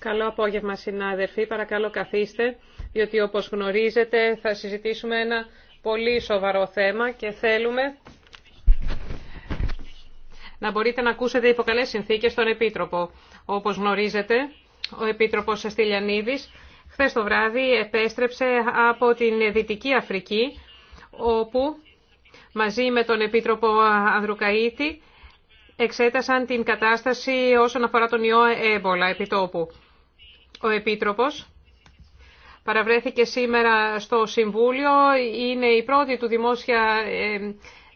Καλό απόγευμα, συνάδελφοι. Παρακαλώ, καθίστε, διότι όπως γνωρίζετε θα συζητήσουμε ένα πολύ σοβαρό θέμα και θέλουμε να μπορείτε να ακούσετε υπό καλές συνθήκες τον Επίτροπο. Όπως γνωρίζετε, ο Επίτροπος Σαστιλιανίδης χθες το βράδυ επέστρεψε από την Δυτική Αφρική, όπου μαζί με τον Επίτροπο Ανδρουκαΐτη εξέτασαν την κατάσταση όσον αφορά τον ιό έμπολα επιτόπου. Ο Επίτροπος παραβρέθηκε σήμερα στο Συμβούλιο. Είναι η πρώτη του δημόσια ε,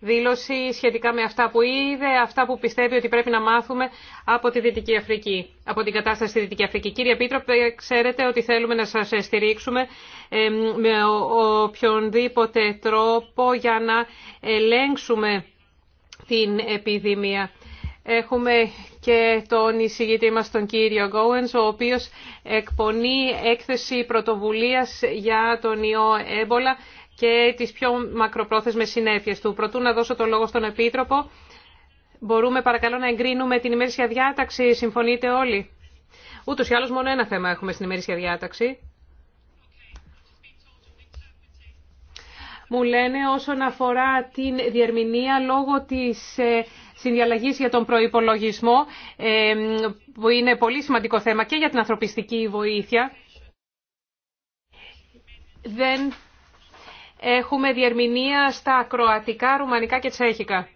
δήλωση σχετικά με αυτά που είδε, αυτά που πιστεύει ότι πρέπει να μάθουμε από τη Δυτική Αφρική, από την κατάσταση στη Δυτική Αφρική. Κύριε Επίτροπε, ξέρετε ότι θέλουμε να σας στηρίξουμε ε, με οποιονδήποτε τρόπο για να ελέγξουμε την επιδημία. Έχουμε και τον εισηγητή μας τον κύριο Γκόενς, ο οποίος εκπονεί έκθεση πρωτοβουλίας για τον ιό έμπολα και τις πιο μακροπρόθεσμες συνέπειες του. Προτού να δώσω το λόγο στον Επίτροπο, μπορούμε παρακαλώ να εγκρίνουμε την ημέρησια διάταξη. Συμφωνείτε όλοι. Ούτως ή άλλως μόνο ένα θέμα έχουμε στην ημέρησια διάταξη. Μου λένε όσον αφορά την διερμηνία λόγω της ε, συνδιαλλαγής για τον προϋπολογισμό, ε, που είναι πολύ σημαντικό θέμα και για την ανθρωπιστική βοήθεια. Δεν έχουμε διερμηνία στα κροατικά, ρουμανικά και τσέχικα.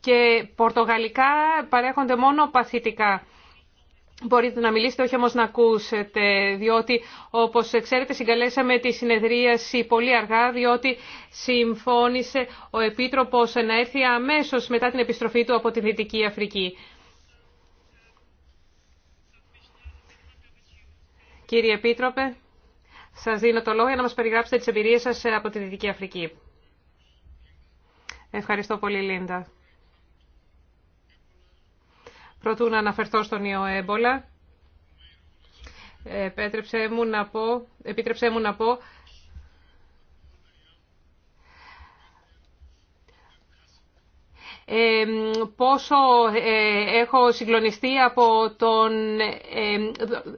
Και πορτογαλικά παρέχονται μόνο παθητικά. Μπορείτε να μιλήσετε, όχι όμως να ακούσετε, διότι όπως ξέρετε συγκαλέσαμε τη συνεδρίαση πολύ αργά, διότι συμφώνησε ο Επίτροπος να έρθει αμέσως μετά την επιστροφή του από τη Δυτική Αφρική. Κύριε Επίτροπε, σας δίνω το λόγο για να μας περιγράψετε τις εμπειρίες σας από τη Δυτική Αφρική. Ευχαριστώ πολύ, Λίντα. Προτού να αναφερθώ στον ιό έμπολα, επέτρεψέ μου να πω, επίτρεψέ μου να πω πόσο ε, έχω συγκλονιστεί από, τον,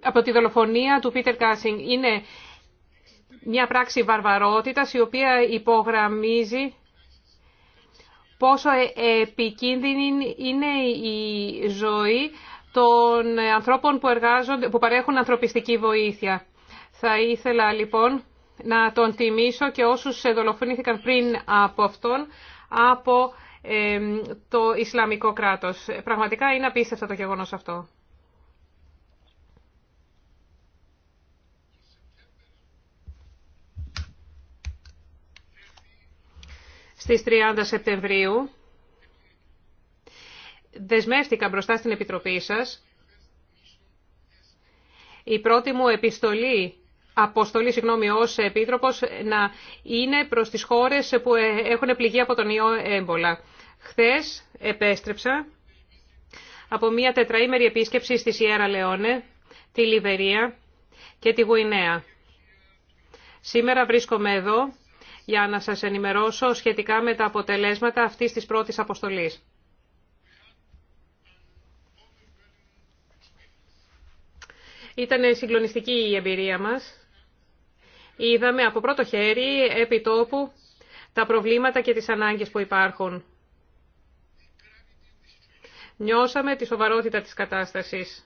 από τη δολοφονία του Πίτερ Κάσινγκ. Είναι μια πράξη βαρβαρότητας η οποία υπογραμμίζει πόσο ε, επικίνδυνη είναι η ζωή των ανθρώπων που, εργάζονται, που παρέχουν ανθρωπιστική βοήθεια. Θα ήθελα λοιπόν να τον τιμήσω και όσους δολοφονήθηκαν πριν από αυτόν από το Ισλαμικό κράτος. Πραγματικά είναι απίστευτο το γεγονός αυτό. στις 30 Σεπτεμβρίου δεσμεύτηκα μπροστά στην Επιτροπή σας. Η πρώτη μου επιστολή, αποστολή συγγνώμη, ως Επίτροπος να είναι προς τις χώρες που ε, έχουν πληγεί από τον ιό έμπολα. Χθες επέστρεψα από μια τετραήμερη επίσκεψη στη Σιέρα Λεόνε, τη Λιβερία και τη Γουινέα. Σήμερα βρίσκομαι εδώ για να σας ενημερώσω σχετικά με τα αποτελέσματα αυτής της πρώτης αποστολής. Ήταν συγκλονιστική η εμπειρία μας. Είδαμε από πρώτο χέρι, επί τόπου, τα προβλήματα και τις ανάγκες που υπάρχουν. Νιώσαμε τη σοβαρότητα της κατάστασης.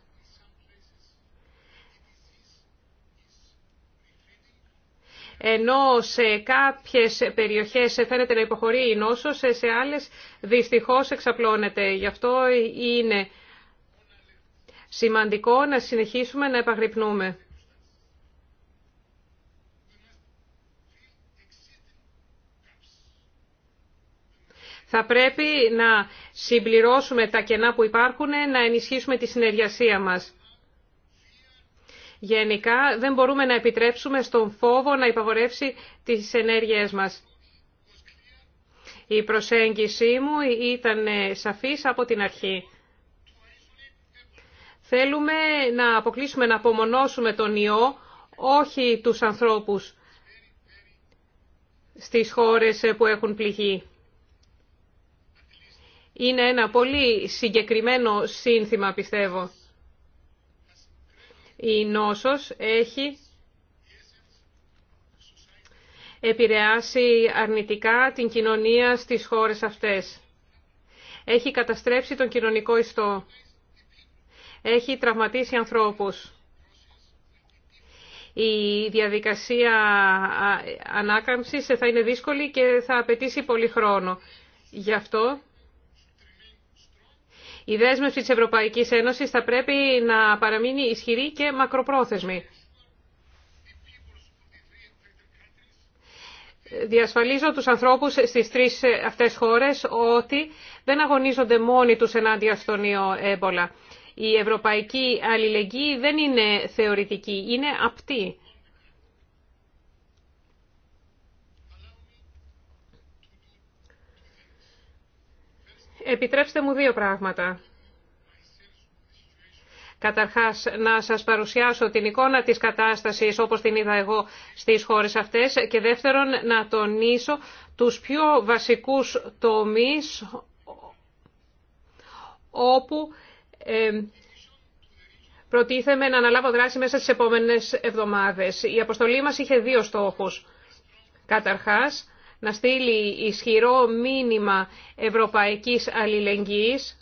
Ενώ σε κάποιες περιοχές φαίνεται να υποχωρεί η νόσος, σε άλλες δυστυχώς εξαπλώνεται. Γι' αυτό είναι σημαντικό να συνεχίσουμε να επαγρυπνούμε. Θα πρέπει να συμπληρώσουμε τα κενά που υπάρχουν, να ενισχύσουμε τη συνεργασία μας. Γενικά δεν μπορούμε να επιτρέψουμε στον φόβο να υπαγορεύσει τις ενέργειές μας. Η προσέγγιση μου ήταν σαφής από την αρχή. Θέλουμε να αποκλείσουμε, να απομονώσουμε τον ιό, όχι τους ανθρώπους στις χώρες που έχουν πληγεί. Είναι ένα πολύ συγκεκριμένο σύνθημα, πιστεύω η νόσος έχει επηρεάσει αρνητικά την κοινωνία στις χώρες αυτές. Έχει καταστρέψει τον κοινωνικό ιστό. Έχει τραυματίσει ανθρώπους. Η διαδικασία ανάκαμψης θα είναι δύσκολη και θα απαιτήσει πολύ χρόνο. Γι' αυτό η δέσμευση της Ευρωπαϊκής Ένωσης θα πρέπει να παραμείνει ισχυρή και μακροπρόθεσμη. Διασφαλίζω τους ανθρώπους στις τρεις αυτές χώρες ότι δεν αγωνίζονται μόνοι τους ενάντια στον ιό έμπολα. Η ευρωπαϊκή αλληλεγγύη δεν είναι θεωρητική, είναι απτή. Επιτρέψτε μου δύο πράγματα. Καταρχάς, να σας παρουσιάσω την εικόνα της κατάστασης όπως την είδα εγώ στις χώρες αυτές και δεύτερον, να τονίσω τους πιο βασικούς τομείς όπου προτίθεμε να αναλάβω δράση μέσα στις επόμενες εβδομάδες. Η αποστολή μας είχε δύο στόχους. Καταρχάς, να στείλει ισχυρό μήνυμα ευρωπαϊκής αλληλεγγύης,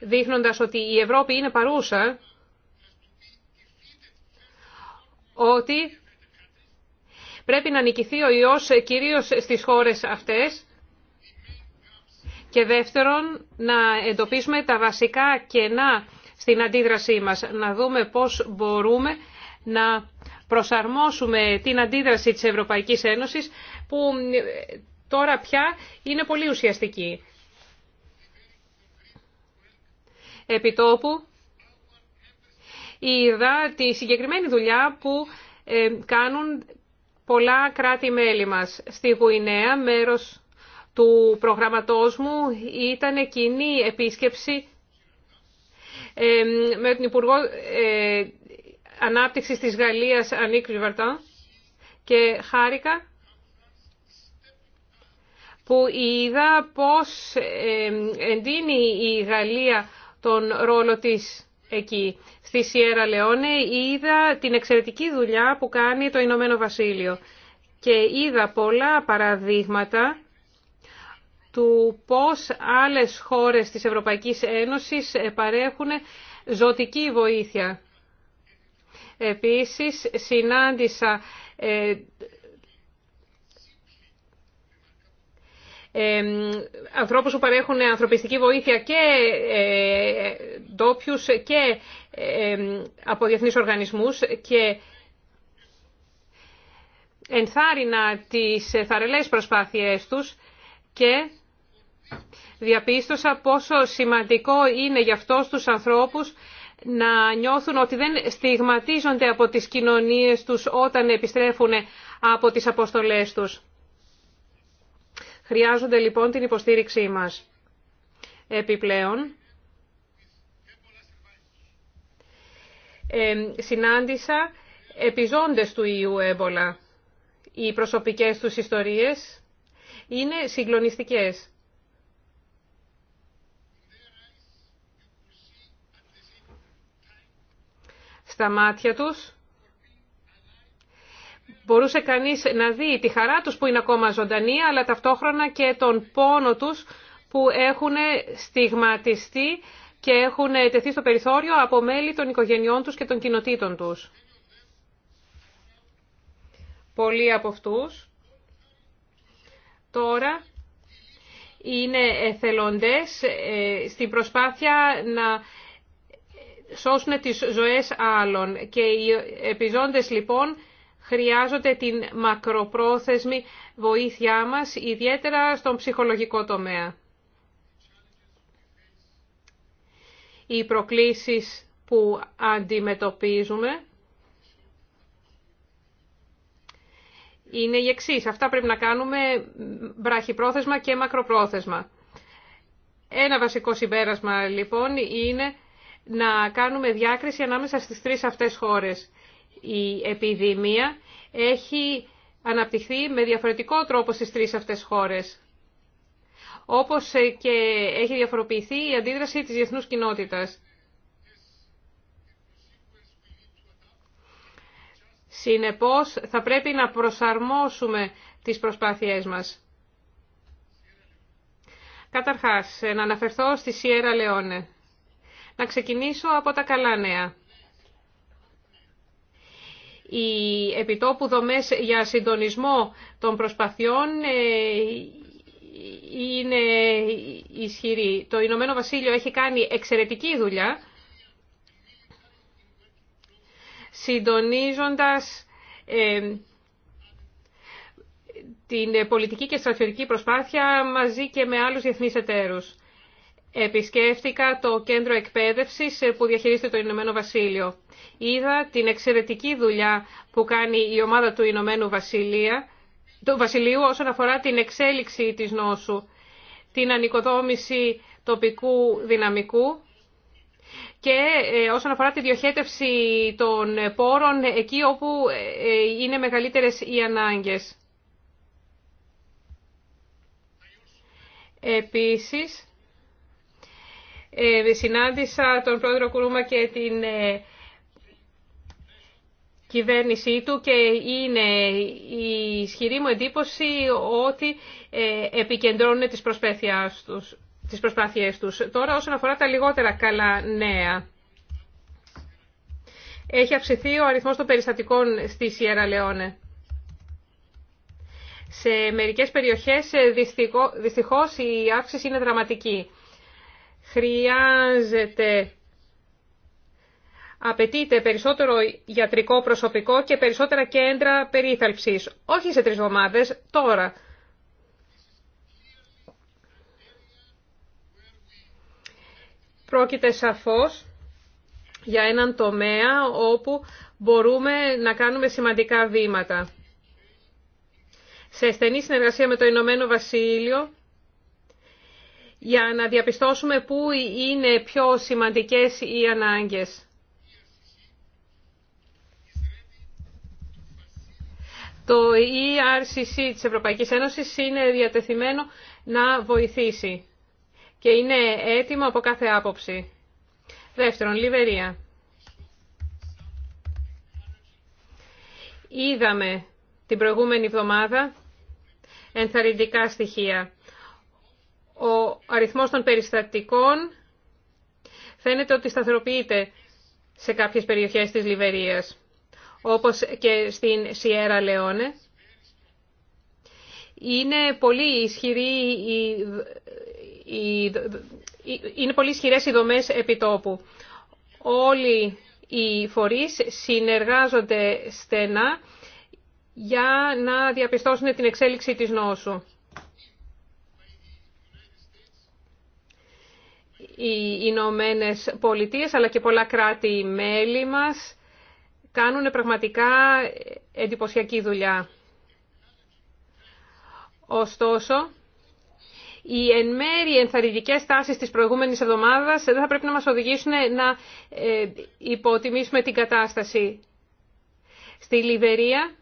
δείχνοντας ότι η Ευρώπη είναι παρούσα, ότι πρέπει να νικηθεί ο ιός κυρίως στις χώρες αυτές και δεύτερον να εντοπίσουμε τα βασικά κενά στην αντίδρασή μας, να δούμε πώς μπορούμε να προσαρμόσουμε την αντίδραση της Ευρωπαϊκής Ένωσης που ε, τώρα πια είναι πολύ ουσιαστική. Επιτόπου είδα τη συγκεκριμένη δουλειά που ε, κάνουν πολλά κράτη-μέλη μας. Στη Γουινέα μέρος του προγραμματός μου ήταν κοινή επίσκεψη ε, με τον Υπουργό ανάπτυξης της Γαλλίας Ανίκ και χάρηκα που είδα πώς εντείνει η Γαλλία τον ρόλο της εκεί. Στη Σιέρα Λεόνε είδα την εξαιρετική δουλειά που κάνει το Ηνωμένο Βασίλειο και είδα πολλά παραδείγματα του πώς άλλες χώρες της Ευρωπαϊκής Ένωσης παρέχουν ζωτική βοήθεια. Επίσης, συνάντησα ε, ε, ανθρώπους που παρέχουν ανθρωπιστική βοήθεια και ε, ντόπιου και ε, από διεθνείς οργανισμούς και ενθάρρυνα τις θαρελές προσπάθειές τους και διαπίστωσα πόσο σημαντικό είναι για αυτούς τους ανθρώπους να νιώθουν ότι δεν στιγματίζονται από τις κοινωνίες τους όταν επιστρέφουν από τις αποστολές τους. Χρειάζονται λοιπόν την υποστήριξή μας. Επιπλέον, ε, συνάντησα επιζώντες του ιού έμπολα. Οι προσωπικές τους ιστορίες είναι συγκλονιστικές. στα μάτια τους. Μπορούσε κανείς να δει τη χαρά τους που είναι ακόμα ζωντανή, αλλά ταυτόχρονα και τον πόνο τους που έχουν στιγματιστεί και έχουν τεθεί στο περιθώριο από μέλη των οικογενειών τους και των κοινοτήτων τους. Πολλοί από αυτούς τώρα είναι εθελοντές ε, στην προσπάθεια να σώσουν τις ζωές άλλων. Και οι επιζώντες λοιπόν χρειάζονται την μακροπρόθεσμη βοήθειά μας, ιδιαίτερα στον ψυχολογικό τομέα. Οι προκλήσεις που αντιμετωπίζουμε είναι οι εξή. Αυτά πρέπει να κάνουμε βραχυπρόθεσμα και μακροπρόθεσμα. Ένα βασικό συμπέρασμα λοιπόν είναι να κάνουμε διάκριση ανάμεσα στις τρεις αυτές χώρες. Η επιδημία έχει αναπτυχθεί με διαφορετικό τρόπο στις τρεις αυτές χώρες. Όπως ε, και έχει διαφοροποιηθεί η αντίδραση της διεθνούς κοινότητας. Συνεπώς θα πρέπει να προσαρμόσουμε τις προσπάθειές μας. Καταρχάς, ε, να αναφερθώ στη Σιέρα Λεόνε να ξεκινήσω από τα καλά νέα. Οι επιτόπου δομές για συντονισμό των προσπαθειών ε, είναι ισχυροί. Το Ηνωμένο Βασίλειο έχει κάνει εξαιρετική δουλειά συντονίζοντας ε, την πολιτική και στρατιωτική προσπάθεια μαζί και με άλλους διεθνείς εταίρους επισκέφτηκα το κέντρο εκπαίδευσης ε, που διαχειρίζεται το Ηνωμένο Βασίλειο. Είδα την εξαιρετική δουλειά που κάνει η ομάδα του Ηνωμένου Βασιλεία, του Βασιλείου όσον αφορά την εξέλιξη της νόσου, την ανοικοδόμηση τοπικού δυναμικού και ε, όσον αφορά τη διοχέτευση των πόρων εκεί όπου ε, είναι μεγαλύτερες οι ανάγκες. Επίσης, ε, συνάντησα τον πρόεδρο Κουρούμα και την ε, κυβέρνησή του και είναι η ισχυρή μου εντύπωση ότι ε, επικεντρώνουν τις, τους, τις προσπάθειές τους. Τώρα όσον αφορά τα λιγότερα καλά νέα. Έχει αυξηθεί ο αριθμός των περιστατικών στη Σιέρα Λεόνε. Σε μερικές περιοχές δυστυχώς η αύξηση είναι δραματική χρειάζεται, απαιτείται περισσότερο γιατρικό προσωπικό και περισσότερα κέντρα περίθαλψης. Όχι σε τρεις εβδομάδες, τώρα. Πρόκειται σαφώς για έναν τομέα όπου μπορούμε να κάνουμε σημαντικά βήματα. Σε στενή συνεργασία με το Ηνωμένο Βασίλειο για να διαπιστώσουμε πού είναι πιο σημαντικές οι ανάγκες. Το ERCC της Ευρωπαϊκής Ένωσης είναι διατεθειμένο να βοηθήσει και είναι έτοιμο από κάθε άποψη. Δεύτερον, Λιβερία. Είδαμε την προηγούμενη εβδομάδα ενθαρρυντικά στοιχεία ο αριθμός των περιστατικών φαίνεται ότι σταθεροποιείται σε κάποιες περιοχές της Λιβερίας, όπως και στην Σιέρα Λεόνε. Είναι πολύ ισχυρή πολύ ισχυρές οι δομές επιτόπου. Όλοι οι φορείς συνεργάζονται στενά για να διαπιστώσουν την εξέλιξη της νόσου. οι Ηνωμένε Πολιτείε αλλά και πολλά κράτη-μέλη μας κάνουν πραγματικά εντυπωσιακή δουλειά. Ωστόσο, οι εν μέρη ενθαρρυντικές τάσεις της προηγούμενης εβδομάδας δεν θα πρέπει να μας οδηγήσουν να ε, υποτιμήσουμε την κατάσταση. Στη Λιβερία,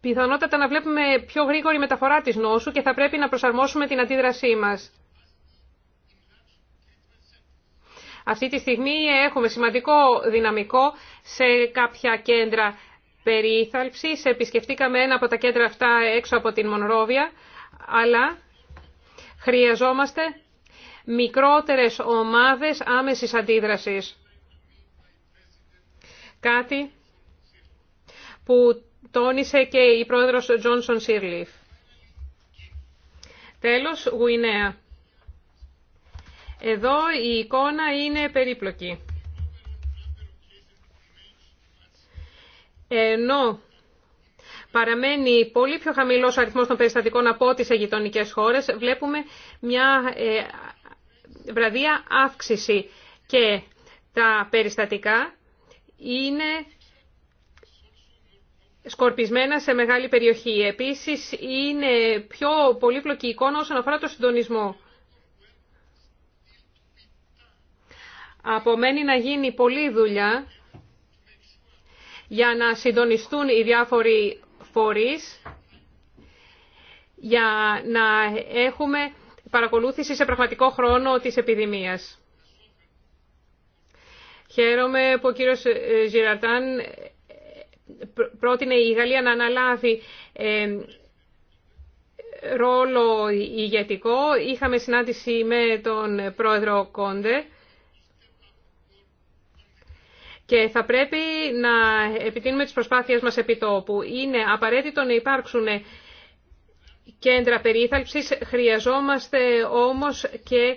πιθανότατα να βλέπουμε πιο γρήγορη μεταφορά της νόσου και θα πρέπει να προσαρμόσουμε την αντίδρασή μας. Αυτή τη στιγμή έχουμε σημαντικό δυναμικό σε κάποια κέντρα περίθαλψης. Επισκεφτήκαμε ένα από τα κέντρα αυτά έξω από την Μονρόβια, αλλά χρειαζόμαστε μικρότερες ομάδες άμεσης αντίδρασης. Κάτι που τόνισε και η πρόεδρος Τζόνσον Σίρλιφ. Τέλος, Γουινέα. Εδώ η εικόνα είναι περίπλοκη. Ενώ παραμένει πολύ πιο χαμηλός ο αριθμός των περιστατικών από ό,τι σε γειτονικέ χώρες, βλέπουμε μια ε, βραδία αύξηση και τα περιστατικά είναι σκορπισμένα σε μεγάλη περιοχή. Επίσης, είναι πιο πολύπλοκη εικόνα όσον αφορά το συντονισμό. απομένει να γίνει πολλή δουλειά για να συντονιστούν οι διάφοροι φορείς, για να έχουμε παρακολούθηση σε πραγματικό χρόνο της επιδημίας. Χαίρομαι που ο κύριος Ζιραρτάν ε, πρότεινε η Γαλλία να αναλάβει ε, ρόλο ηγετικό. Είχαμε συνάντηση με τον πρόεδρο Κόντε και θα πρέπει να επιτείνουμε τις προσπάθειες μας επί τόπου. Είναι απαραίτητο να υπάρξουν κέντρα περίθαλψης, χρειαζόμαστε όμως και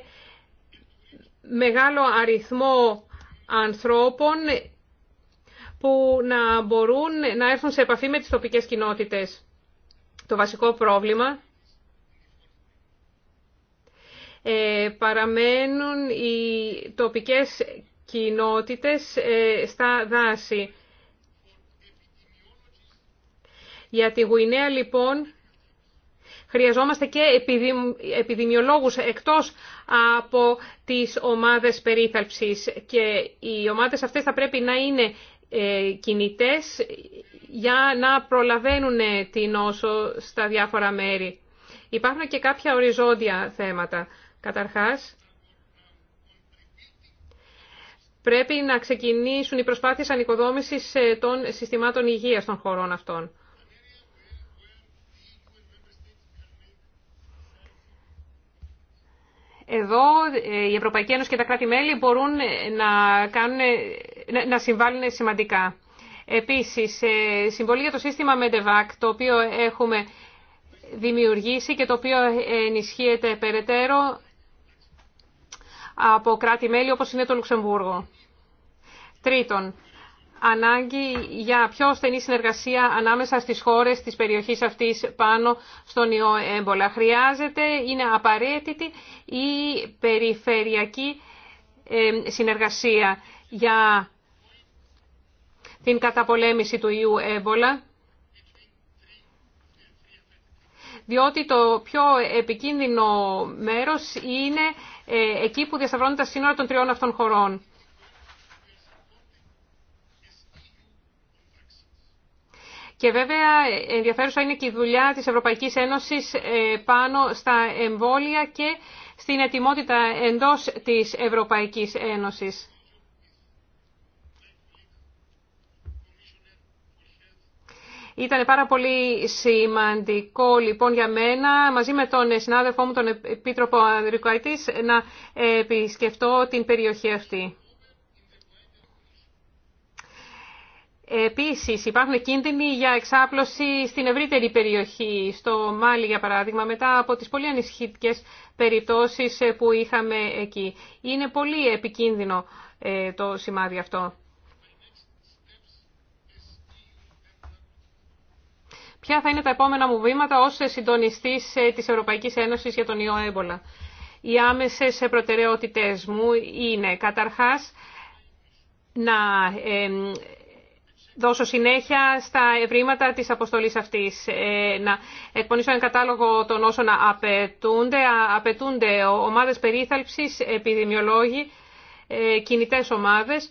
μεγάλο αριθμό ανθρώπων που να μπορούν να έρθουν σε επαφή με τις τοπικές κοινότητες. Το βασικό πρόβλημα ε, παραμένουν οι τοπικές κοινότητες ε, στα δάση. Για τη Γουινέα λοιπόν χρειαζόμαστε και επιδημιολόγους εκτός από τις ομάδες περίθαλψης και οι ομάδες αυτές θα πρέπει να είναι ε, κινητές για να προλαβαίνουν ε, την όσο στα διάφορα μέρη. Υπάρχουν και κάποια οριζόντια θέματα. Καταρχάς, πρέπει να ξεκινήσουν οι προσπάθειες ανοικοδόμησης ε, των συστημάτων υγείας των χωρών αυτών. Εδώ ε, η Ευρωπαϊκή Ένωση και τα κράτη-μέλη μπορούν ε, να, να συμβάλλουν σημαντικά. Επίσης, συμβολή για το σύστημα MEDEVAC, το οποίο έχουμε δημιουργήσει και το οποίο ενισχύεται περαιτέρω από κράτη-μέλη όπως είναι το Λουξεμβούργο. Τρίτον, ανάγκη για πιο στενή συνεργασία ανάμεσα στις χώρες της περιοχής αυτής πάνω στον ιό έμπολα. Χρειάζεται, είναι απαραίτητη η περιφερειακή συνεργασία για την καταπολέμηση του ιού έμπολα, διότι το πιο επικίνδυνο μέρος είναι ε, εκεί που διασταυρώνουν τα σύνορα των τριών αυτών χωρών. Και βέβαια ενδιαφέρουσα είναι και η δουλειά της Ευρωπαϊκής Ένωσης ε, πάνω στα εμβόλια και στην ετοιμότητα εντός της Ευρωπαϊκής Ένωσης. Ήταν πάρα πολύ σημαντικό λοιπόν για μένα μαζί με τον συνάδελφό μου τον Επίτροπο Ανδρικοαϊτής να επισκεφτώ την περιοχή αυτή. Επίσης υπάρχουν κίνδυνοι για εξάπλωση στην ευρύτερη περιοχή, στο Μάλι για παράδειγμα, μετά από τις πολύ ανησυχητικές περιπτώσεις ε, που είχαμε εκεί. Είναι πολύ επικίνδυνο ε, το σημάδι αυτό. Ποια θα είναι τα επόμενα μου βήματα ως συντονιστής ε, της Ευρωπαϊκής Ένωσης για τον ιό έμπολα. Οι άμεσες προτεραιότητες μου είναι καταρχάς να δώσω συνέχεια στα ευρήματα της αποστολής αυτής. Ε, να εκπονήσω ένα κατάλογο των όσων απαιτούνται. Απαιτούνται ομάδες περίθαλψης, επιδημιολόγοι, ε, κινητές ομάδες.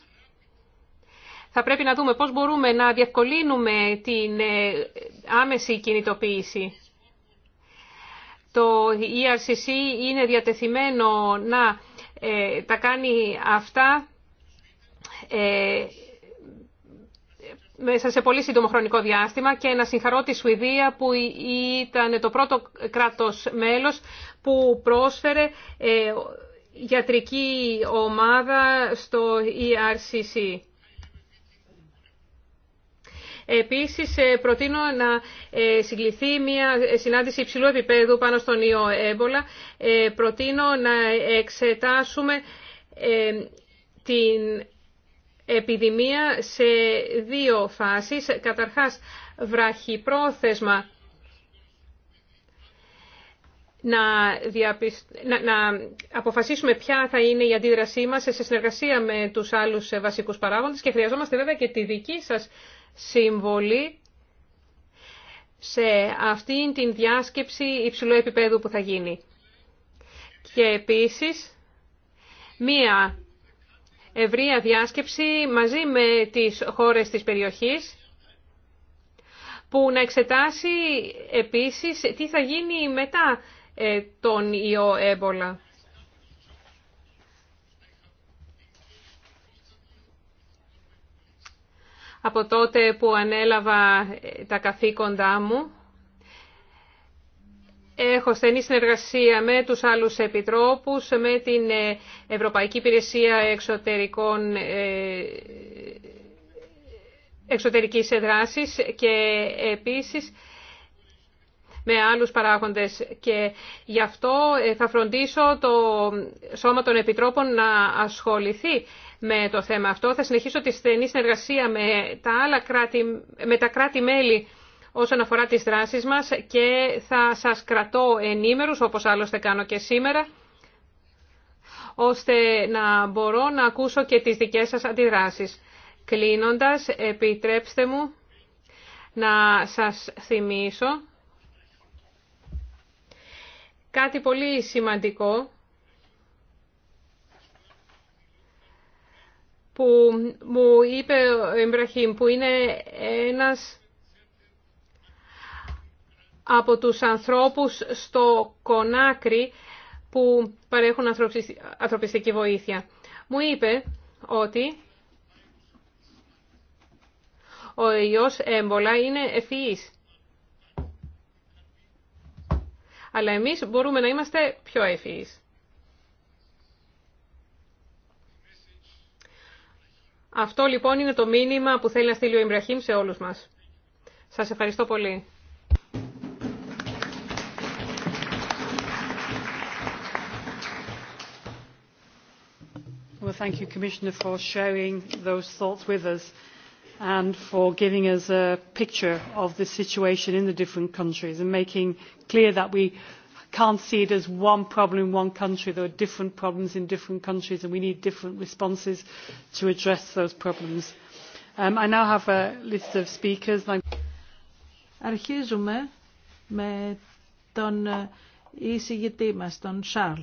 Θα πρέπει να δούμε πώς μπορούμε να διευκολύνουμε την ε, άμεση κινητοποίηση. Το ERCC είναι διατεθειμένο να τα κάνει αυτά μέσα σε πολύ σύντομο χρονικό διάστημα και να συγχαρώ τη Σουηδία που ήταν το πρώτο κράτος μέλος που πρόσφερε ε, γιατρική ομάδα στο ERCC. Επίσης, ε, προτείνω να ε, συγκληθεί μια συνάντηση υψηλού επίπεδου πάνω στον ιό έμπολα. Προτείνω να εξετάσουμε την επιδημία σε δύο φάσεις. Καταρχάς, βραχυπρόθεσμα να, να, να αποφασίσουμε ποια θα είναι η αντίδρασή μας σε συνεργασία με τους άλλους βασικούς παράγοντες και χρειαζόμαστε βέβαια και τη δική σας συμβολή σε αυτήν την διάσκεψη υψηλού επίπεδου που θα γίνει. Και επίσης, μία ευρεία διάσκεψη μαζί με τις χώρες της περιοχής που να εξετάσει επίσης τι θα γίνει μετά ε, τον ιό έμπολα. Από τότε που ανέλαβα ε, τα καθήκοντά μου, Έχω στενή συνεργασία με τους άλλους επιτρόπους, με την ε, Ευρωπαϊκή Υπηρεσία Εξωτερικών ε, Εξωτερικής Εδράσης και επίσης με άλλους παράγοντες και γι' αυτό ε, θα φροντίσω το Σώμα των Επιτρόπων να ασχοληθεί με το θέμα αυτό. Θα συνεχίσω τη στενή συνεργασία με τα, άλλα κράτη, με τα κράτη-μέλη όσον αφορά τις δράσεις μας και θα σας κρατώ ενήμερους, όπως άλλωστε κάνω και σήμερα, ώστε να μπορώ να ακούσω και τις δικές σας αντιδράσεις. Κλείνοντας, επιτρέψτε μου να σας θυμίσω κάτι πολύ σημαντικό που μου είπε ο Ιμπραχήμ, που είναι ένας από τους ανθρώπους στο Κονάκρι που παρέχουν ανθρωπιστική βοήθεια. Μου είπε ότι ο ιός έμπολα είναι ευφυής. Αλλά εμείς μπορούμε να είμαστε πιο ευφυείς. Αυτό λοιπόν είναι το μήνυμα που θέλει να στείλει ο Ιμπραχήμ σε όλους μας. Σας ευχαριστώ πολύ. Well, thank you, Commissioner, for sharing those thoughts with us and for giving us a picture of the situation in the different countries and making clear that we can't see it as one problem in one country. There are different problems in different countries and we need different responses to address those problems. I now have a list of speakers. Αρχίζουμε με τον εισηγητή μας, τον Σάρλ.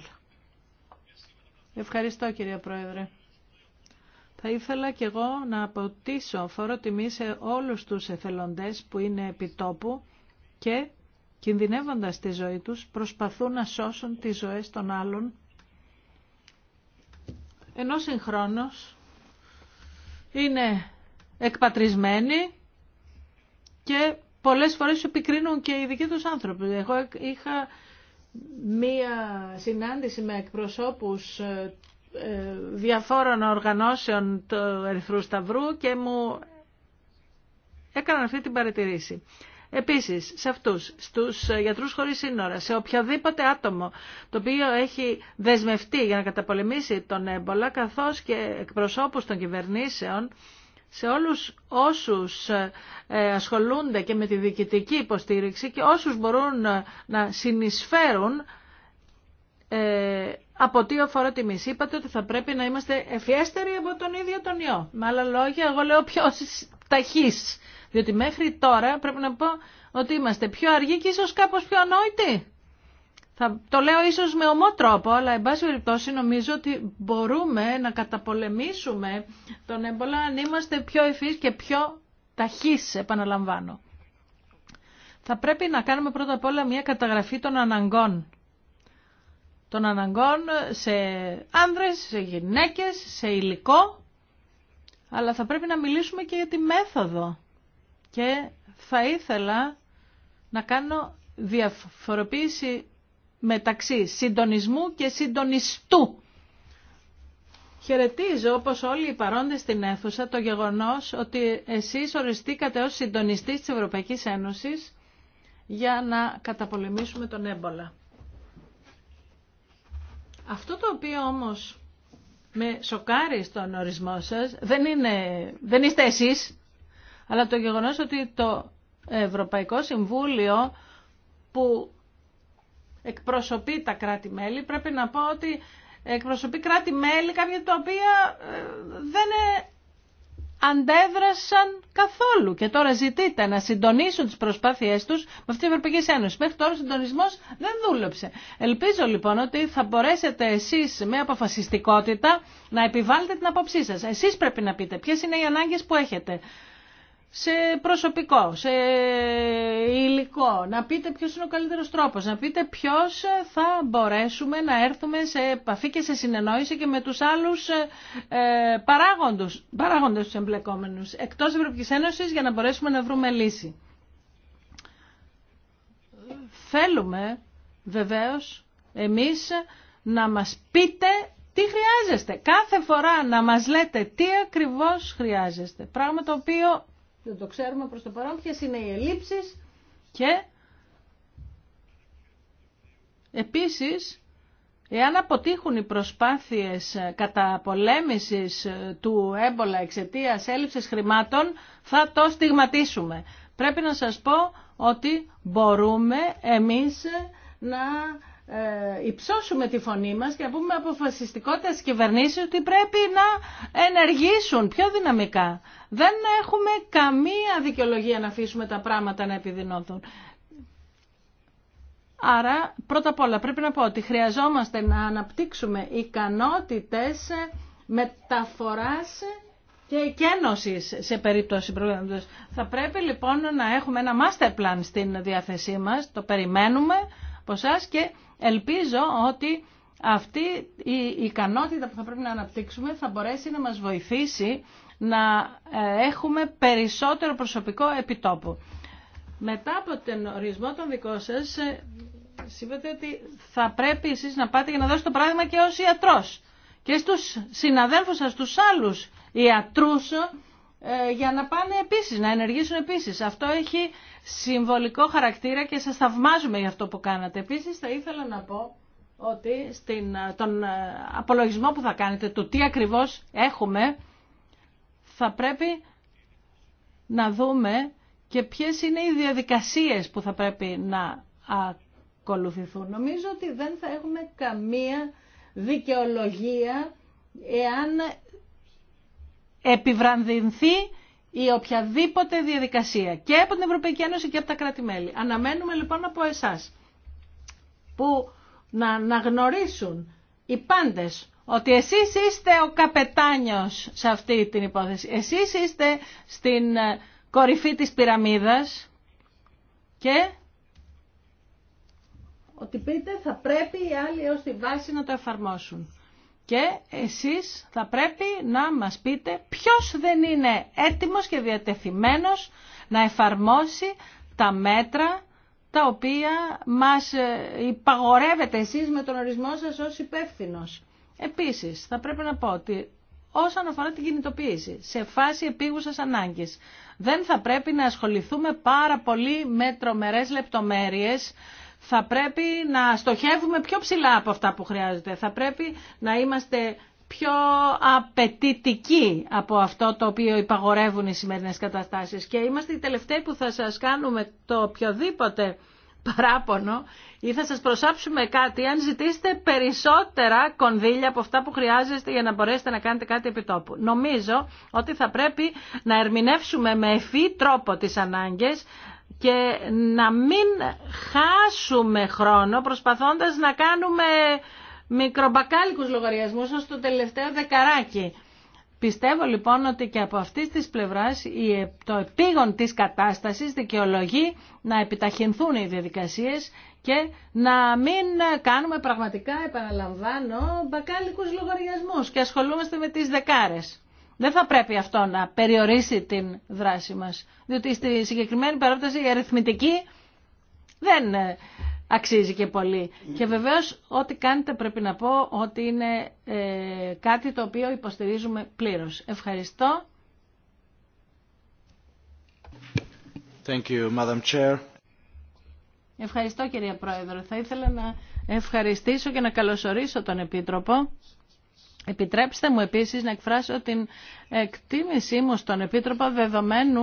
Ευχαριστώ κυρία Πρόεδρε. Θα ήθελα και εγώ να αποτίσω φορό τιμή σε όλους τους εθελοντές που είναι επιτόπου και κινδυνεύοντας τη ζωή τους προσπαθούν να σώσουν τις ζωές των άλλων ενώ συγχρόνως είναι εκπατρισμένοι και πολλές φορές επικρίνουν και οι δικοί τους άνθρωποι. Εγώ είχα μία συνάντηση με εκπροσώπους ε, ε, διαφόρων οργανώσεων του Ερυθρού Σταυρού και μου έκαναν αυτή την παρατηρήση. Επίσης, σε αυτούς, στους γιατρούς χωρίς σύνορα, σε οποιοδήποτε άτομο το οποίο έχει δεσμευτεί για να καταπολεμήσει τον έμπολα, καθώς και εκπροσώπους των κυβερνήσεων, σε όλους όσους ε, ε, ασχολούνται και με τη διοικητική υποστήριξη και όσους μπορούν ε, να συνεισφέρουν από τι αφορά τη μισή, είπατε ότι θα πρέπει να είμαστε ευφιέστεροι από τον ίδιο τον ιό. Με άλλα λόγια, εγώ λέω πιο ταχύς, διότι μέχρι τώρα πρέπει να πω ότι είμαστε πιο αργοί και ίσως κάπως πιο ανόητοι. Θα το λέω ίσως με ομό τρόπο, αλλά εν πάση περιπτώσει νομίζω ότι μπορούμε να καταπολεμήσουμε τον έμπολα αν είμαστε πιο ευφύς και πιο ταχύς, επαναλαμβάνω. Θα πρέπει να κάνουμε πρώτα απ' όλα μια καταγραφή των αναγκών. Των αναγκών σε άνδρες, σε γυναίκες, σε υλικό, αλλά θα πρέπει να μιλήσουμε και για τη μέθοδο. Και θα ήθελα να κάνω διαφοροποίηση μεταξύ συντονισμού και συντονιστού. Χαιρετίζω όπως όλοι οι παρόντες στην αίθουσα το γεγονός ότι εσείς οριστήκατε ως συντονιστής της Ευρωπαϊκής Ένωσης για να καταπολεμήσουμε τον έμπολα. Αυτό το οποίο όμως με σοκάρει στον ορισμό σας δεν, είναι, δεν είστε εσείς, αλλά το γεγονός ότι το Ευρωπαϊκό Συμβούλιο που εκπροσωπεί τα κράτη-μέλη. Πρέπει να πω ότι εκπροσωπεί κράτη-μέλη κάποια τα οποία ε, δεν ε, αντέδρασαν καθόλου και τώρα ζητείτε να συντονίσουν τις προσπάθειές τους με αυτή την Ευρωπαϊκή Ένωση. Μέχρι τώρα ο συντονισμός δεν δούλεψε. Ελπίζω λοιπόν ότι θα μπορέσετε εσείς με αποφασιστικότητα να επιβάλλετε την απόψή σας. Εσείς πρέπει να πείτε ποιες είναι οι ανάγκες που έχετε σε προσωπικό, σε υλικό, να πείτε ποιος είναι ο καλύτερος τρόπος, να πείτε ποιος θα μπορέσουμε να έρθουμε σε επαφή και σε συνεννόηση και με τους άλλους ε, παράγοντες, παράγοντες τους εμπλεκόμενους, εκτός Ευρωπαϊκής Ένωσης για να μπορέσουμε να βρούμε λύση. Θέλουμε βεβαίως εμείς να μας πείτε τι χρειάζεστε. Κάθε φορά να μας λέτε τι ακριβώς χρειάζεστε. Πράγμα το οποίο δεν το ξέρουμε προς το παρόν ποιες είναι οι ελλείψεις και επίσης Εάν αποτύχουν οι προσπάθειες κατά του έμπολα εξαιτίας έλλειψης χρημάτων, θα το στιγματίσουμε. Πρέπει να σας πω ότι μπορούμε εμείς να ε, υψώσουμε τη φωνή μας και να πούμε αποφασιστικότητα στις κυβερνήσεις ότι πρέπει να ενεργήσουν πιο δυναμικά. Δεν έχουμε καμία δικαιολογία να αφήσουμε τα πράγματα να επιδεινώθουν. Άρα, πρώτα απ' όλα πρέπει να πω ότι χρειαζόμαστε να αναπτύξουμε ικανότητες μεταφοράς και εκένωσης σε περίπτωση προβλήματος. Θα πρέπει λοιπόν να έχουμε ένα master plan στην διάθεσή μας, το περιμένουμε από και ελπίζω ότι αυτή η ικανότητα που θα πρέπει να αναπτύξουμε θα μπορέσει να μας βοηθήσει να ε, έχουμε περισσότερο προσωπικό επιτόπου. Μετά από τον ορισμό των δικών σας, ε, είπατε ότι θα πρέπει εσείς να πάτε για να δώσετε το πράγμα και ως ιατρός και στους συναδέλφους σας, τους άλλους ιατρούς, ε, για να πάνε επίσης, να ενεργήσουν επίσης. Αυτό έχει συμβολικό χαρακτήρα και σας θαυμάζουμε για αυτό που κάνατε. Επίσης θα ήθελα να πω ότι στην, ε, τον ε, απολογισμό που θα κάνετε, το τι ακριβώς έχουμε, θα πρέπει να δούμε και ποιες είναι οι διαδικασίες που θα πρέπει να ακολουθηθούν. Νομίζω ότι δεν θα έχουμε καμία δικαιολογία εάν επιβρανδυνθεί η οποιαδήποτε διαδικασία και από την Ευρωπαϊκή Ένωση και από τα κράτη-μέλη. Αναμένουμε λοιπόν από εσάς που να γνωρίσουν οι πάντες ότι εσείς είστε ο καπετάνιος σε αυτή την υπόθεση. Εσείς είστε στην ε, κορυφή της πυραμίδας και ότι πείτε θα πρέπει οι άλλοι ως τη βάση να το εφαρμόσουν και εσείς θα πρέπει να μας πείτε ποιος δεν είναι έτοιμος και διατεθειμένος να εφαρμόσει τα μέτρα τα οποία μας ε, υπαγορεύετε εσείς με τον ορισμό σας ως υπεύθυνο. Επίσης, θα πρέπει να πω ότι όσον αφορά την κινητοποίηση, σε φάση επίγουσας ανάγκης, δεν θα πρέπει να ασχοληθούμε πάρα πολύ με τρομερές λεπτομέρειες θα πρέπει να στοχεύουμε πιο ψηλά από αυτά που χρειάζεται. Θα πρέπει να είμαστε πιο απαιτητικοί από αυτό το οποίο υπαγορεύουν οι σημερινές καταστάσεις. Και είμαστε οι τελευταίοι που θα σας κάνουμε το οποιοδήποτε παράπονο ή θα σας προσάψουμε κάτι αν ζητήσετε περισσότερα κονδύλια από αυτά που χρειάζεστε για να μπορέσετε να κάνετε κάτι επιτόπου. Νομίζω ότι θα πρέπει να ερμηνεύσουμε με ευφύ τρόπο τις ανάγκες, και να μην χάσουμε χρόνο προσπαθώντας να κάνουμε μικρομπακάλικους λογαριασμούς ως το τελευταίο δεκαράκι. Πιστεύω λοιπόν ότι και από αυτής της πλευράς ε, το επίγον της κατάστασης δικαιολογεί να επιταχυνθούν οι διαδικασίες και να μην κάνουμε πραγματικά, επαναλαμβάνω, μπακάλικους λογαριασμούς και ασχολούμαστε με τις δεκάρες. Δεν θα πρέπει αυτό να περιορίσει την δράση μας, διότι στη συγκεκριμένη περίπτωση η αριθμητική δεν ε, αξίζει και πολύ. Και βεβαίως ό,τι κάνετε πρέπει να πω ότι είναι ε, κάτι το οποίο υποστηρίζουμε πλήρως. Ευχαριστώ. Thank you, Madam Chair. Ευχαριστώ κυρία Πρόεδρε. Θα ήθελα να ευχαριστήσω και να καλωσορίσω τον Επίτροπο Επιτρέψτε μου επίσης να εκφράσω την εκτίμησή μου στον Επίτροπο δεδομένου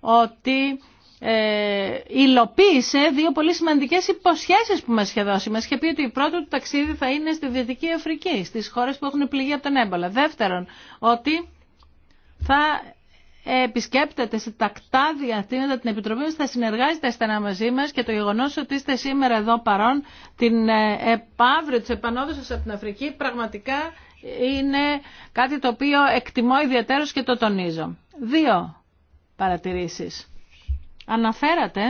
ότι ε, υλοποίησε δύο πολύ σημαντικές υποσχέσεις που μας είχε δώσει. Μας είχε πει ότι η πρώτη του ταξίδι θα είναι στη Δυτική Αφρική, στις χώρες που έχουν πληγεί από τον έμπολα. Δεύτερον, ότι θα επισκέπτεται σε τακτά διαστήματα την Επιτροπή μας, θα συνεργάζεται στενά μαζί μας και το γεγονός ότι είστε σήμερα εδώ παρόν την ε, επαύριο της επανόδοση από την Αφρική πραγματικά είναι κάτι το οποίο εκτιμώ ιδιαίτερως και το τονίζω. Δύο παρατηρήσεις. Αναφέρατε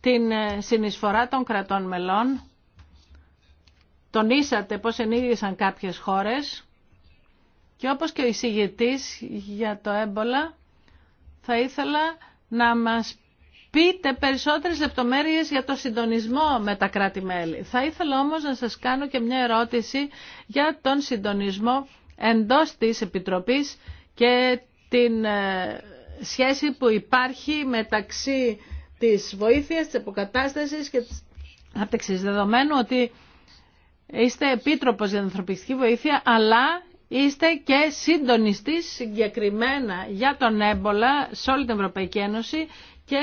την ε, συνεισφορά των κρατών μελών. Τονίσατε πώς ενήγησαν κάποιες χώρες και όπως και ο εισηγητής για το έμπολα θα ήθελα να μας πείτε περισσότερες λεπτομέρειες για το συντονισμό με τα κράτη-μέλη. Θα ήθελα όμως να σας κάνω και μια ερώτηση για τον συντονισμό εντός της Επιτροπής και την ε, σχέση που υπάρχει μεταξύ της βοήθειας, της αποκατάστασης και της άπτυξης. Δεδομένου ότι είστε επίτροπος για την ανθρωπιστική βοήθεια, αλλά είστε και συντονιστής συγκεκριμένα για τον έμπολα σε όλη την Ευρωπαϊκή Ένωση και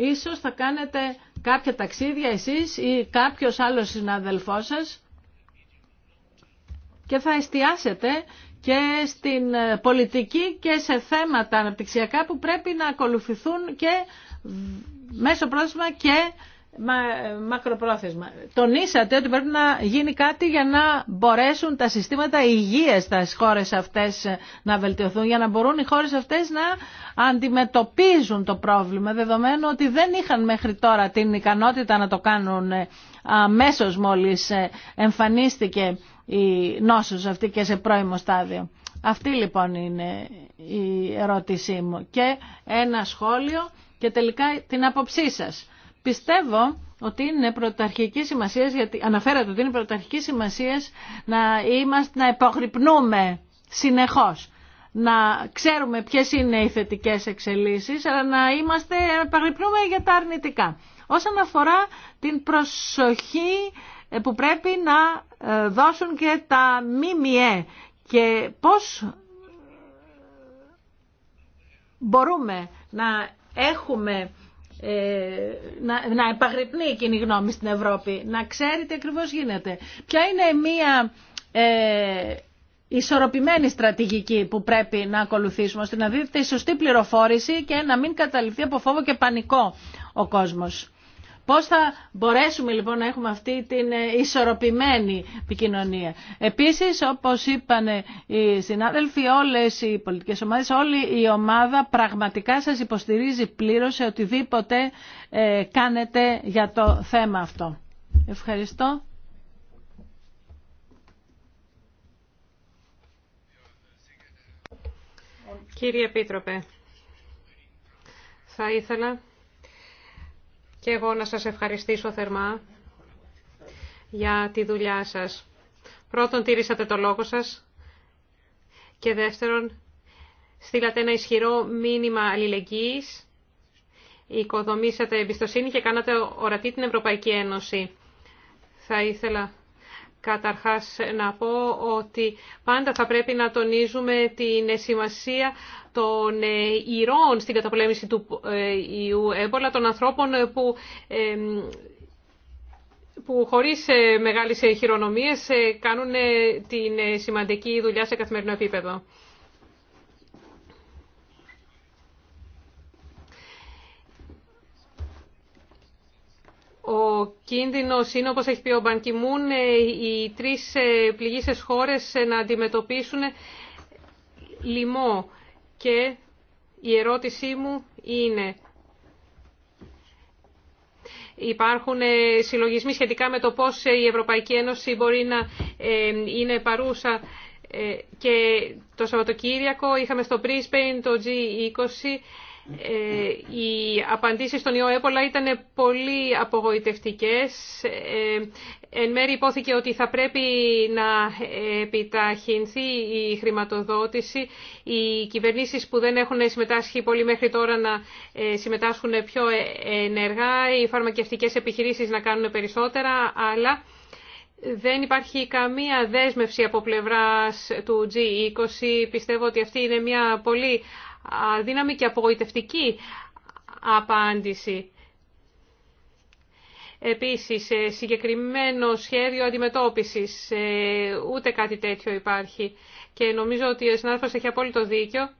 Ίσως θα κάνετε κάποια ταξίδια εσείς ή κάποιος άλλος συναδελφός σας και θα εστιάσετε και στην ε, πολιτική και σε θέματα αναπτυξιακά που πρέπει να ακολουθηθούν και μέσω πρόσφυγμα και μα, μακροπρόθεσμα. Τονίσατε ότι πρέπει να γίνει κάτι για να μπορέσουν τα συστήματα υγείας στις χώρες αυτές να βελτιωθούν, για να μπορούν οι χώρες αυτές να αντιμετωπίζουν το πρόβλημα, δεδομένου ότι δεν είχαν μέχρι τώρα την ικανότητα να το κάνουν ε, αμέσω μόλις ε, εμφανίστηκε η νόσος αυτή και σε πρώιμο στάδιο. Αυτή λοιπόν είναι η ερώτησή μου και ένα σχόλιο και τελικά την άποψή σας. Πιστεύω ότι είναι πρωταρχική σημασία, γιατί αναφέρατε ότι είναι πρωταρχική σημασία να, είμαστε, να υπογρυπνούμε συνεχώς. Να ξέρουμε ποιε είναι οι θετικές εξελίσεις, αλλά να είμαστε, να για τα αρνητικά. Όσον αφορά την προσοχή ε, που πρέπει να ε, δώσουν και τα ΜΜΕ και πώς μπορούμε να έχουμε ε, να, να επαγρυπνεί η κοινή γνώμη στην Ευρώπη, να ξέρει τι ακριβώς γίνεται. Ποια είναι μία ε, ισορροπημένη στρατηγική που πρέπει να ακολουθήσουμε, ώστε να δείτε η σωστή πληροφόρηση και να μην καταληφθεί από φόβο και πανικό ο κόσμος. Πώς θα μπορέσουμε λοιπόν να έχουμε αυτή την ε, ισορροπημένη επικοινωνία. Επίσης, όπως είπαν οι συνάδελφοι, όλες οι πολιτικές ομάδες, όλη η ομάδα πραγματικά σας υποστηρίζει πλήρως σε οτιδήποτε ε, κάνετε για το θέμα αυτό. Ευχαριστώ. Κύριε Επίτροπε, θα ήθελα και εγώ να σας ευχαριστήσω θερμά για τη δουλειά σας. Πρώτον, τήρησατε το λόγο σας και δεύτερον, στείλατε ένα ισχυρό μήνυμα αλληλεγγύης, οικοδομήσατε εμπιστοσύνη και κάνατε ορατή την Ευρωπαϊκή Ένωση. Θα ήθελα Καταρχάς να πω ότι πάντα θα πρέπει να τονίζουμε την σημασία των ε, ηρών στην καταπολέμηση του ε, ιού έμπολα, των ανθρώπων που ε, που χωρίς μεγάλες χειρονομίες κάνουν την σημαντική δουλειά σε καθημερινό επίπεδο. Ο κίνδυνος είναι, όπως έχει πει ο Μπανκιμούν, ε, οι τρεις ε, πληγήσεις χώρες ε, να αντιμετωπίσουν λοιμό. Και η ερώτησή μου είναι, υπάρχουν συλλογισμοί σχετικά με το πώς η Ευρωπαϊκή Ένωση μπορεί να είναι παρούσα και το Σαββατοκύριακο είχαμε στο Brisbane το G20 ε, οι απαντήσεις στον ιό έπολα ήταν πολύ απογοητευτικές. Ε, εν μέρει υπόθηκε ότι θα πρέπει να επιταχυνθεί η χρηματοδότηση. Οι κυβερνήσεις που δεν έχουν συμμετάσχει πολύ μέχρι τώρα να ε, συμμετάσχουν πιο ενεργά, οι φαρμακευτικές επιχειρήσεις να κάνουν περισσότερα, αλλά... Δεν υπάρχει καμία δέσμευση από πλευράς του G20. Πιστεύω ότι αυτή είναι μια πολύ αδύναμη και απογοητευτική απάντηση. Επίσης, συγκεκριμένο σχέδιο αντιμετώπισης, ε, ούτε κάτι τέτοιο υπάρχει. Και νομίζω ότι ο συνάδελφος έχει απόλυτο δίκιο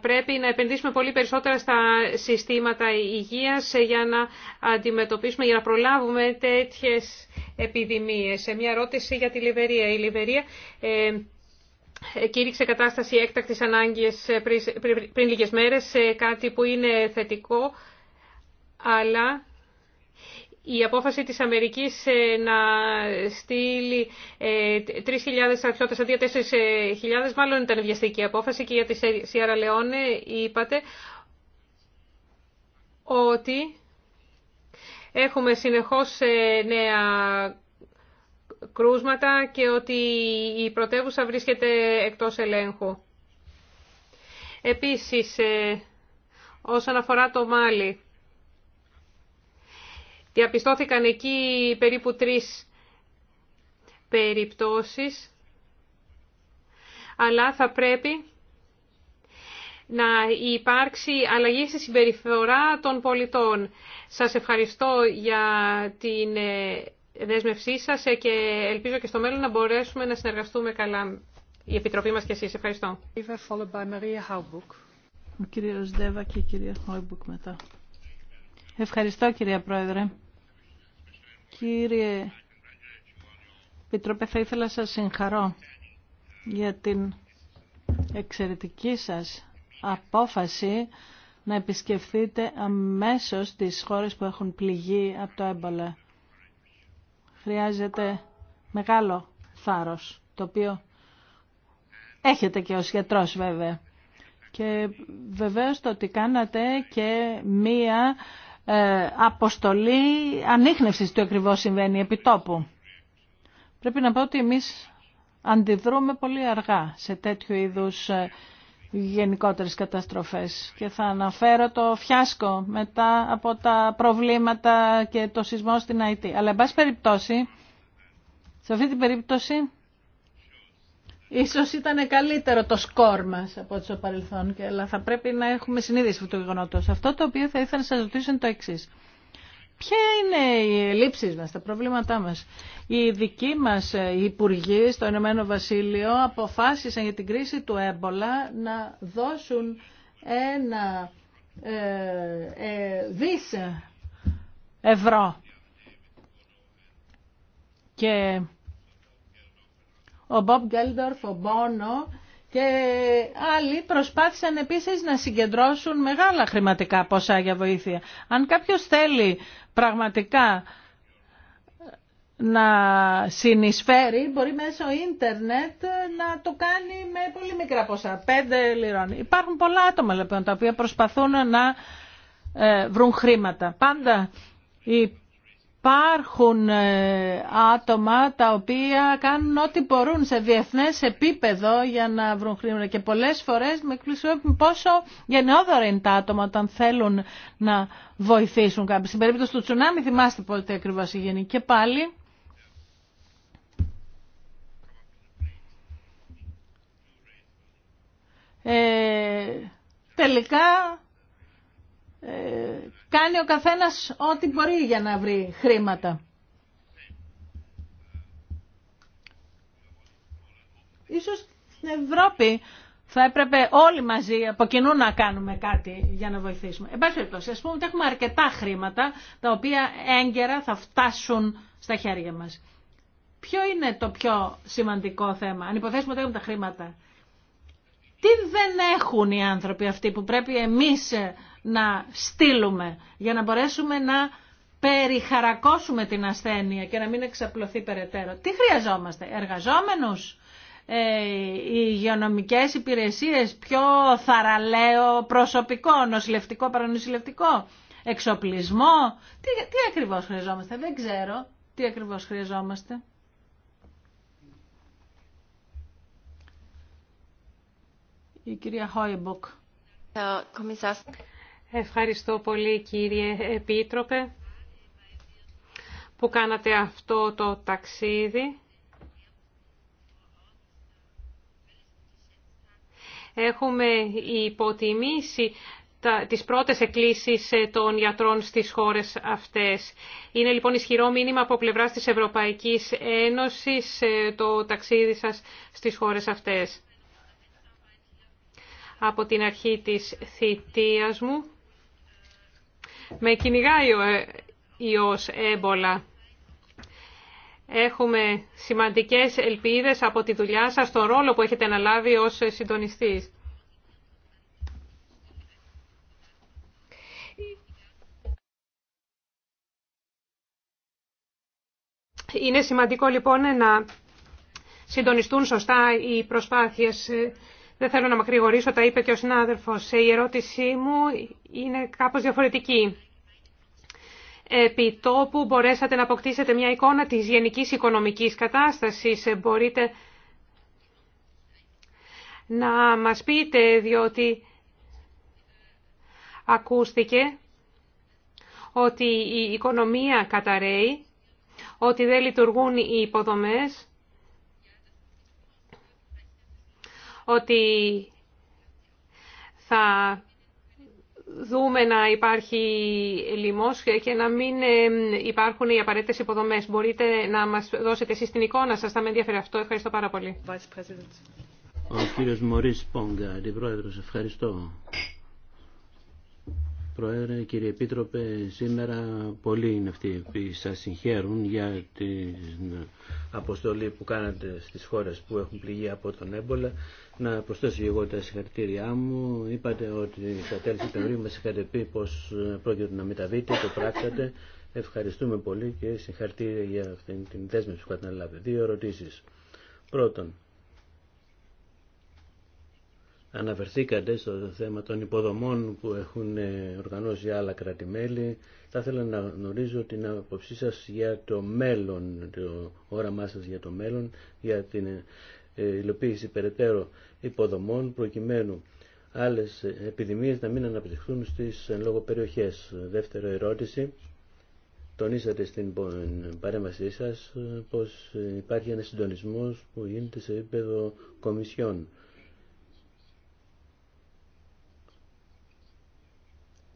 πρέπει να επενδύσουμε πολύ περισσότερα στα συστήματα υγείας για να αντιμετωπίσουμε, για να προλάβουμε τέτοιες επιδημίες. Σε μια ερώτηση για τη Λιβερία. Η Λιβερία ε, κήρυξε κατάσταση έκτακτης ανάγκης ε, πριν λίγες μέρες, ε, κάτι που είναι θετικό, αλλά η απόφαση της Αμερικής ε, να στείλει 3.000 ε, στρατιώτες αντί 4.000 μάλλον ήταν βιαστική απόφαση και για τη Σιέρα Λεόνε είπατε ότι έχουμε συνεχώς ε, νέα κρούσματα και ότι η πρωτεύουσα βρίσκεται εκτός ελέγχου. Επίσης, όσον αφορά το Μάλι, Διαπιστώθηκαν εκεί περίπου τρεις περιπτώσεις, αλλά θα πρέπει να υπάρξει αλλαγή στη συμπεριφορά των πολιτών. Σας ευχαριστώ για την ε, δέσμευσή σας ε, και ελπίζω και στο μέλλον να μπορέσουμε να συνεργαστούμε καλά. Η Επιτροπή μας και εσείς. Ευχαριστώ. και κυρία Χόιμπουκ μετά. Ευχαριστώ κύριε Πρόεδρε. Κύριε Επιτρόπε, θα ήθελα να σας συγχαρώ για την εξαιρετική σας απόφαση να επισκεφθείτε αμέσως τις χώρες που έχουν πληγεί από το έμπολα. Χρειάζεται μεγάλο θάρρος, το οποίο έχετε και ως γιατρός βέβαια. Και βεβαίως το ότι κάνατε και μία ε, αποστολή ανείχνευσης του ακριβώς συμβαίνει επί τόπου. Πρέπει να πω ότι εμείς αντιδρούμε πολύ αργά σε τέτοιου είδους ε, γενικότερες καταστροφές και θα αναφέρω το φιάσκο μετά από τα προβλήματα και το σεισμό στην ΑΕΤ. Αλλά εν πάση περιπτώσει, σε αυτή την περίπτωση Ίσως ήταν καλύτερο το σκορ μας από ό,τι στο παρελθόν, και, αλλά θα πρέπει να έχουμε συνείδηση αυτού του γεγονότος. Αυτό το οποίο θα ήθελα να σας ρωτήσω είναι το εξή. Ποια είναι οι ελλείψεις μας, τα προβλήματά μας. Οι δικοί μας ε, υπουργοί στο Ηνωμένο Βασίλειο αποφάσισαν για την κρίση του έμπολα να δώσουν ένα ε, ε, ευρώ. Και ο Μπομπ Γκέλντορφ, ο Μπόνο και άλλοι προσπάθησαν επίσης να συγκεντρώσουν μεγάλα χρηματικά ποσά για βοήθεια. Αν κάποιος θέλει πραγματικά να συνεισφέρει, μπορεί μέσω ίντερνετ να το κάνει με πολύ μικρά ποσά, πέντε λιρών. Υπάρχουν πολλά άτομα λοιπόν τα οποία προσπαθούν να ε, βρουν χρήματα. Πάντα υπάρχουν ε, άτομα τα οποία κάνουν ό,τι μπορούν σε διεθνές επίπεδο για να βρουν χρήματα και πολλές φορές με εκπλησιοποιούν πόσο γενναιόδωρα είναι τα άτομα όταν θέλουν να βοηθήσουν κάποιοι. Στην περίπτωση του τσουνάμι θυμάστε πότε ακριβώς γίνει και πάλι. Ε, τελικά ε, κάνει ο καθένας ό,τι μπορεί για να βρει χρήματα. Ίσως στην Ευρώπη θα έπρεπε όλοι μαζί από κοινού να κάνουμε κάτι για να βοηθήσουμε. Εν πάση περιπτώσει, ας πούμε ότι έχουμε αρκετά χρήματα τα οποία έγκαιρα θα φτάσουν στα χέρια μας. Ποιο είναι το πιο σημαντικό θέμα, αν υποθέσουμε ότι έχουμε τα χρήματα. Τι δεν έχουν οι άνθρωποι αυτοί που πρέπει εμείς να στείλουμε για να μπορέσουμε να περιχαρακώσουμε την ασθένεια και να μην εξαπλωθεί περαιτέρω. Τι χρειαζόμαστε, εργαζόμενους, ε, οι υγειονομικές υπηρεσίες, πιο θαραλέο προσωπικό, νοσηλευτικό, παρανοσηλευτικό, εξοπλισμό. Τι, τι ακριβώς χρειαζόμαστε, δεν ξέρω τι ακριβώς χρειαζόμαστε. Η κυρία Χόιμποκ. Ε, Ευχαριστώ πολύ κύριε Επίτροπε που κάνατε αυτό το ταξίδι. Έχουμε υποτιμήσει τις πρώτες εκκλήσεις ε, των γιατρών στις χώρες αυτές. Είναι λοιπόν ισχυρό μήνυμα από πλευράς της Ευρωπαϊκής Ένωσης ε, το ταξίδι σας στις χώρες αυτές. Από την αρχή της θητείας μου με κυνηγάει ο ε, ιός έμπολα. Έχουμε σημαντικές ελπίδες από τη δουλειά σας, τον ρόλο που έχετε αναλάβει ως συντονιστής. Είναι σημαντικό λοιπόν να συντονιστούν σωστά οι προσπάθειες ε, δεν θέλω να μακρηγορήσω, τα είπε και ο συνάδελφος. Ε, η ερώτησή μου είναι κάπως διαφορετική. Επί τόπου μπορέσατε να αποκτήσετε μια εικόνα της γενικής οικονομικής κατάστασης. Ε, μπορείτε να μας πείτε, διότι ακούστηκε ότι η οικονομία καταραίει, ότι δεν λειτουργούν οι υποδομές ότι θα δούμε να υπάρχει λοιμός και να μην ε, υπάρχουν οι απαραίτητες υποδομές. Μπορείτε να μας δώσετε εσείς την εικόνα σας, θα με ενδιαφέρει αυτό. Ευχαριστώ πάρα πολύ. Ο κύριος Μωρίς Πόγκα, αντιπρόεδρος, ευχαριστώ. Πρόεδρε, κύριε Επίτροπε, σήμερα πολλοί είναι αυτοί που σας συγχαίρουν για την αποστολή που κάνατε στις χώρες που έχουν πληγεί από τον έμπολα. Να προσθέσω εγώ τα συγχαρητήριά μου. Είπατε ότι στα τέλη Σεπτεμβρίου μας είχατε πει πως πρόκειται να μεταβείτε, το πράξατε. Ευχαριστούμε πολύ και συγχαρητήρια για αυτή την δέσμευση που καταλάβετε. Δύο ερωτήσεις. Πρώτον, αναφερθήκατε στο θέμα των υποδομών που έχουν ε, οργανώσει άλλα κράτη-μέλη. Θα ήθελα να γνωρίζω την άποψή σας για το μέλλον, το όραμά σας για το μέλλον, για την ε, υλοποίηση περαιτέρω υποδομών προκειμένου άλλες επιδημίες να μην αναπτυχθούν στις εν λόγω περιοχές. Δεύτερο ερώτηση. Τονίσατε στην παρέμβασή σας ε, πως υπάρχει ένα συντονισμός που γίνεται σε επίπεδο κομισιών.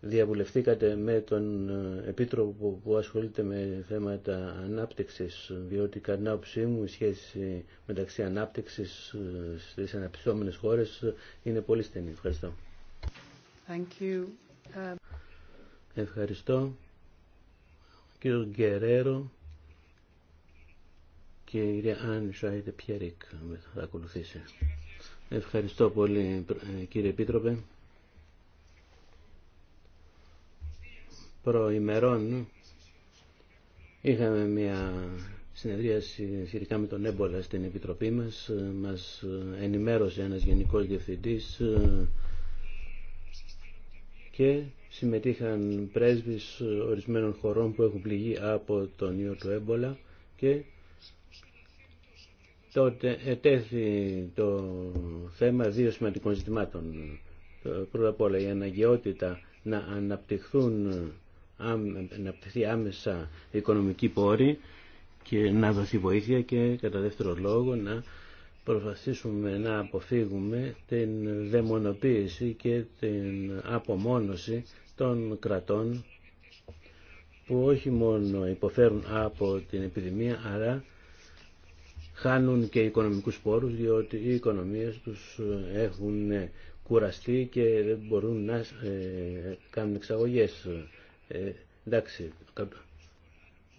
διαβουλευτήκατε με τον ε, Επίτροπο που ασχολείται με θέματα ανάπτυξης, διότι κατά την μου η σχέση μεταξύ ανάπτυξης ε, στις αναπτυσσόμενες χώρες είναι πολύ στενή. Ευχαριστώ. Thank you. Ε, Ευχαριστώ. Κύριο Γκερέρο και η κυρία Άννη Σάιντε Πιέρικ θα ακολουθήσει. Ευχαριστώ πολύ κύριε Επίτροπε. προημερών είχαμε μια συνεδρίαση σχετικά με τον έμπολα στην Επιτροπή μας. Μας ενημέρωσε ένας γενικός διευθυντής ε, και συμμετείχαν πρέσβεις ορισμένων χωρών που έχουν πληγεί από τον ιό του έμπολα και τότε ετέθη το θέμα δύο σημαντικών ζητημάτων. Πρώτα απ' όλα η αναγκαιότητα να αναπτυχθούν να πτυχθεί άμεσα οικονομική πόρη και να δοθεί βοήθεια και κατά δεύτερο λόγο να προφασίσουμε να αποφύγουμε την δαιμονοποίηση και την απομόνωση των κρατών που όχι μόνο υποφέρουν από την επιδημία αλλά χάνουν και οικονομικούς πόρους διότι οι οικονομίες τους έχουν κουραστεί και δεν μπορούν να ε, κάνουν εξαγωγές. Ε, εντάξει,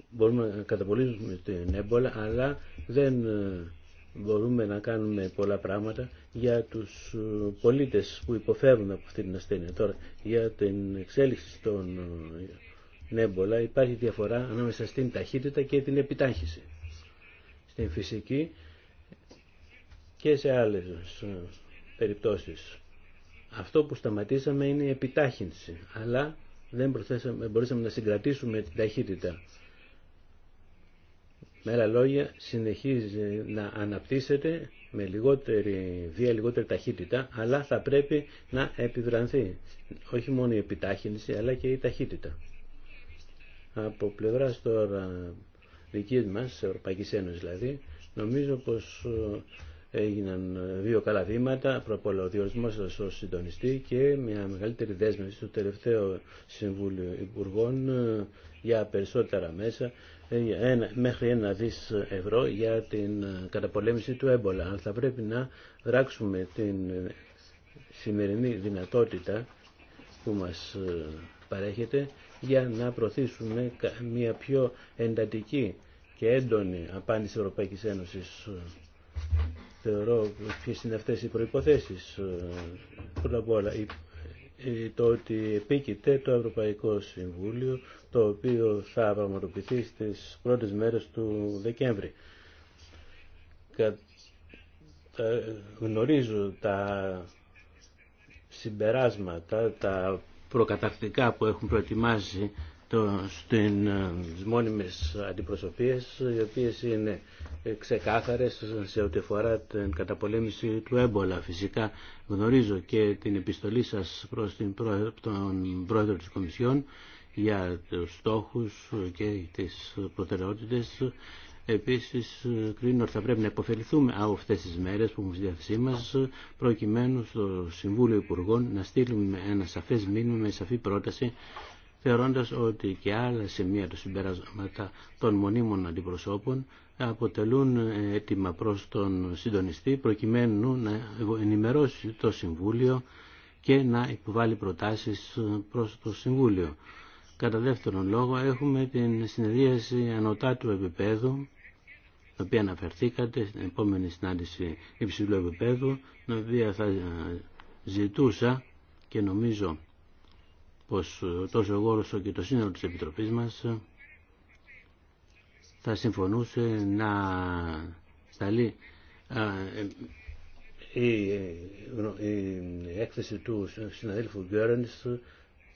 μπορούμε να καταπολύσουμε την έμπολα, αλλά δεν ε, μπορούμε να κάνουμε πολλά πράγματα για τους ε, πολίτες που υποφέρουν από αυτή την ασθένεια. Τώρα, για την εξέλιξη των ε, έμπολα υπάρχει διαφορά ανάμεσα στην ταχύτητα και την επιτάχυση. Στην φυσική και σε άλλες περιπτώσεις. Αυτό που σταματήσαμε είναι η επιτάχυνση, αλλά δεν μπορούσαμε να συγκρατήσουμε την ταχύτητα. Με άλλα λόγια, συνεχίζει να αναπτύσσεται με λιγότερη βία, λιγότερη ταχύτητα, αλλά θα πρέπει να επιβρανθεί. Όχι μόνο η επιτάχυνση, αλλά και η ταχύτητα. Από πλευρά τώρα δική μας, Ευρωπαϊκή Ένωση, δηλαδή, νομίζω πως ε, έγιναν ε, δύο καλά βήματα, πρώτα συντονιστή και μια μεγαλύτερη δέσμευση του τελευταίο Συμβούλιο Υπουργών ε, για περισσότερα μέσα, ε, ένα, μέχρι ένα δις ευρώ για την καταπολέμηση του έμπολα. Αλλά θα πρέπει να δράξουμε την σημερινή δυνατότητα που μας παρέχεται για να προωθήσουμε μια πιο εντατική και έντονη απάντηση Ευρωπαϊκής Ένωσης θεωρώ ποιες είναι αυτές οι προϋποθέσεις. Ε, πρώτα απ' όλα το ότι επίκειται το Ευρωπαϊκό Συμβούλιο το οποίο θα πραγματοποιηθεί στις πρώτες μέρες του Δεκέμβρη. Ε, γνωρίζω τα συμπεράσματα, τα προκατακτικά που έχουν προετοιμάσει στην ε, μόνιμες αντιπροσωπίες οι οποίες είναι ε, ξεκάθαρες σε ό,τι αφορά την καταπολέμηση του έμπολα. Φυσικά γνωρίζω και την επιστολή σας προς τον πρόεδρο της Κομισιόν για τους στόχους και τις προτεραιότητες. Επίσης, κρίνω ότι θα πρέπει να υποφεληθούμε από αυτές τις μέρες που έχουμε στη διάθεσή μα, προκειμένου στο Συμβούλιο Υπουργών να στείλουμε ένα σαφές μήνυμα, με σαφή πρόταση θεωρώντας ότι και άλλα σημεία του συμπεράσματα των μονίμων αντιπροσώπων αποτελούν έτοιμα ε, προς τον συντονιστή προκειμένου να ενημερώσει το Συμβούλιο και να υποβάλει προτάσεις ε, προς το Συμβούλιο. Κατά δεύτερον λόγο έχουμε την συνεδρίαση ανωτάτου επίπεδου την οποία αναφερθήκατε στην επόμενη συνάντηση υψηλού επίπεδου, την οποία θα ε, ζητούσα και νομίζω πως ε, τόσο εγώ όσο και το σύνολο της Επιτροπής μας ε, θα συμφωνούσε να σταλεί ε, η, έκθεση του συναδέλφου Γκέρνης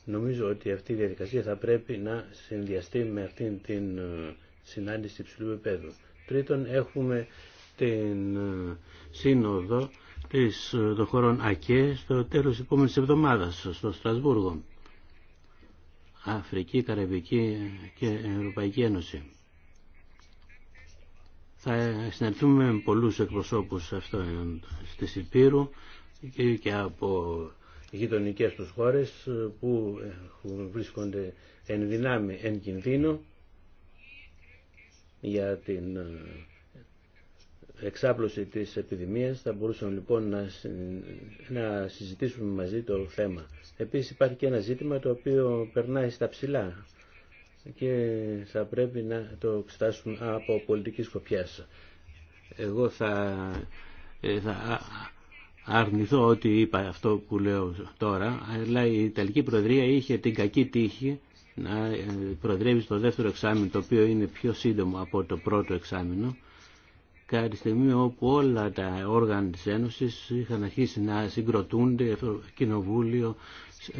νομίζω ότι αυτή η διαδικασία θα πρέπει να συνδυαστεί με αυτήν την συνάντηση υψηλού επίπεδου. Τρίτον, έχουμε την σύνοδο της, των χωρών ΑΚΕ στο τέλος της επόμενης εβδομάδας στο Στρασβούργο. Αφρική, Καραβική και Ευρωπαϊκή Ένωση. Θα συναντηθούμε με πολλούς εκπροσώπους αυτών της Υπήρου και από γειτονικέ τους χώρες που βρίσκονται εν δυνάμει, εν κινδύνο για την εξάπλωση της επιδημίας θα μπορούσαμε λοιπόν να, συζητήσουμε μαζί το θέμα. Επίσης υπάρχει και ένα ζήτημα το οποίο περνάει στα ψηλά και θα πρέπει να το εξετάσουμε από πολιτική σκοπιά. Εγώ θα, ε, θα αρνηθώ ότι είπα αυτό που λέω τώρα, αλλά η Ιταλική Προεδρία είχε την κακή τύχη να ε, προεδρεύει στο δεύτερο εξάμεινο, το οποίο είναι πιο σύντομο από το πρώτο εξάμεινο, κατά στιγμή όπου όλα τα όργανα της Ένωσης είχαν αρχίσει να συγκροτούνται, κοινοβούλιο,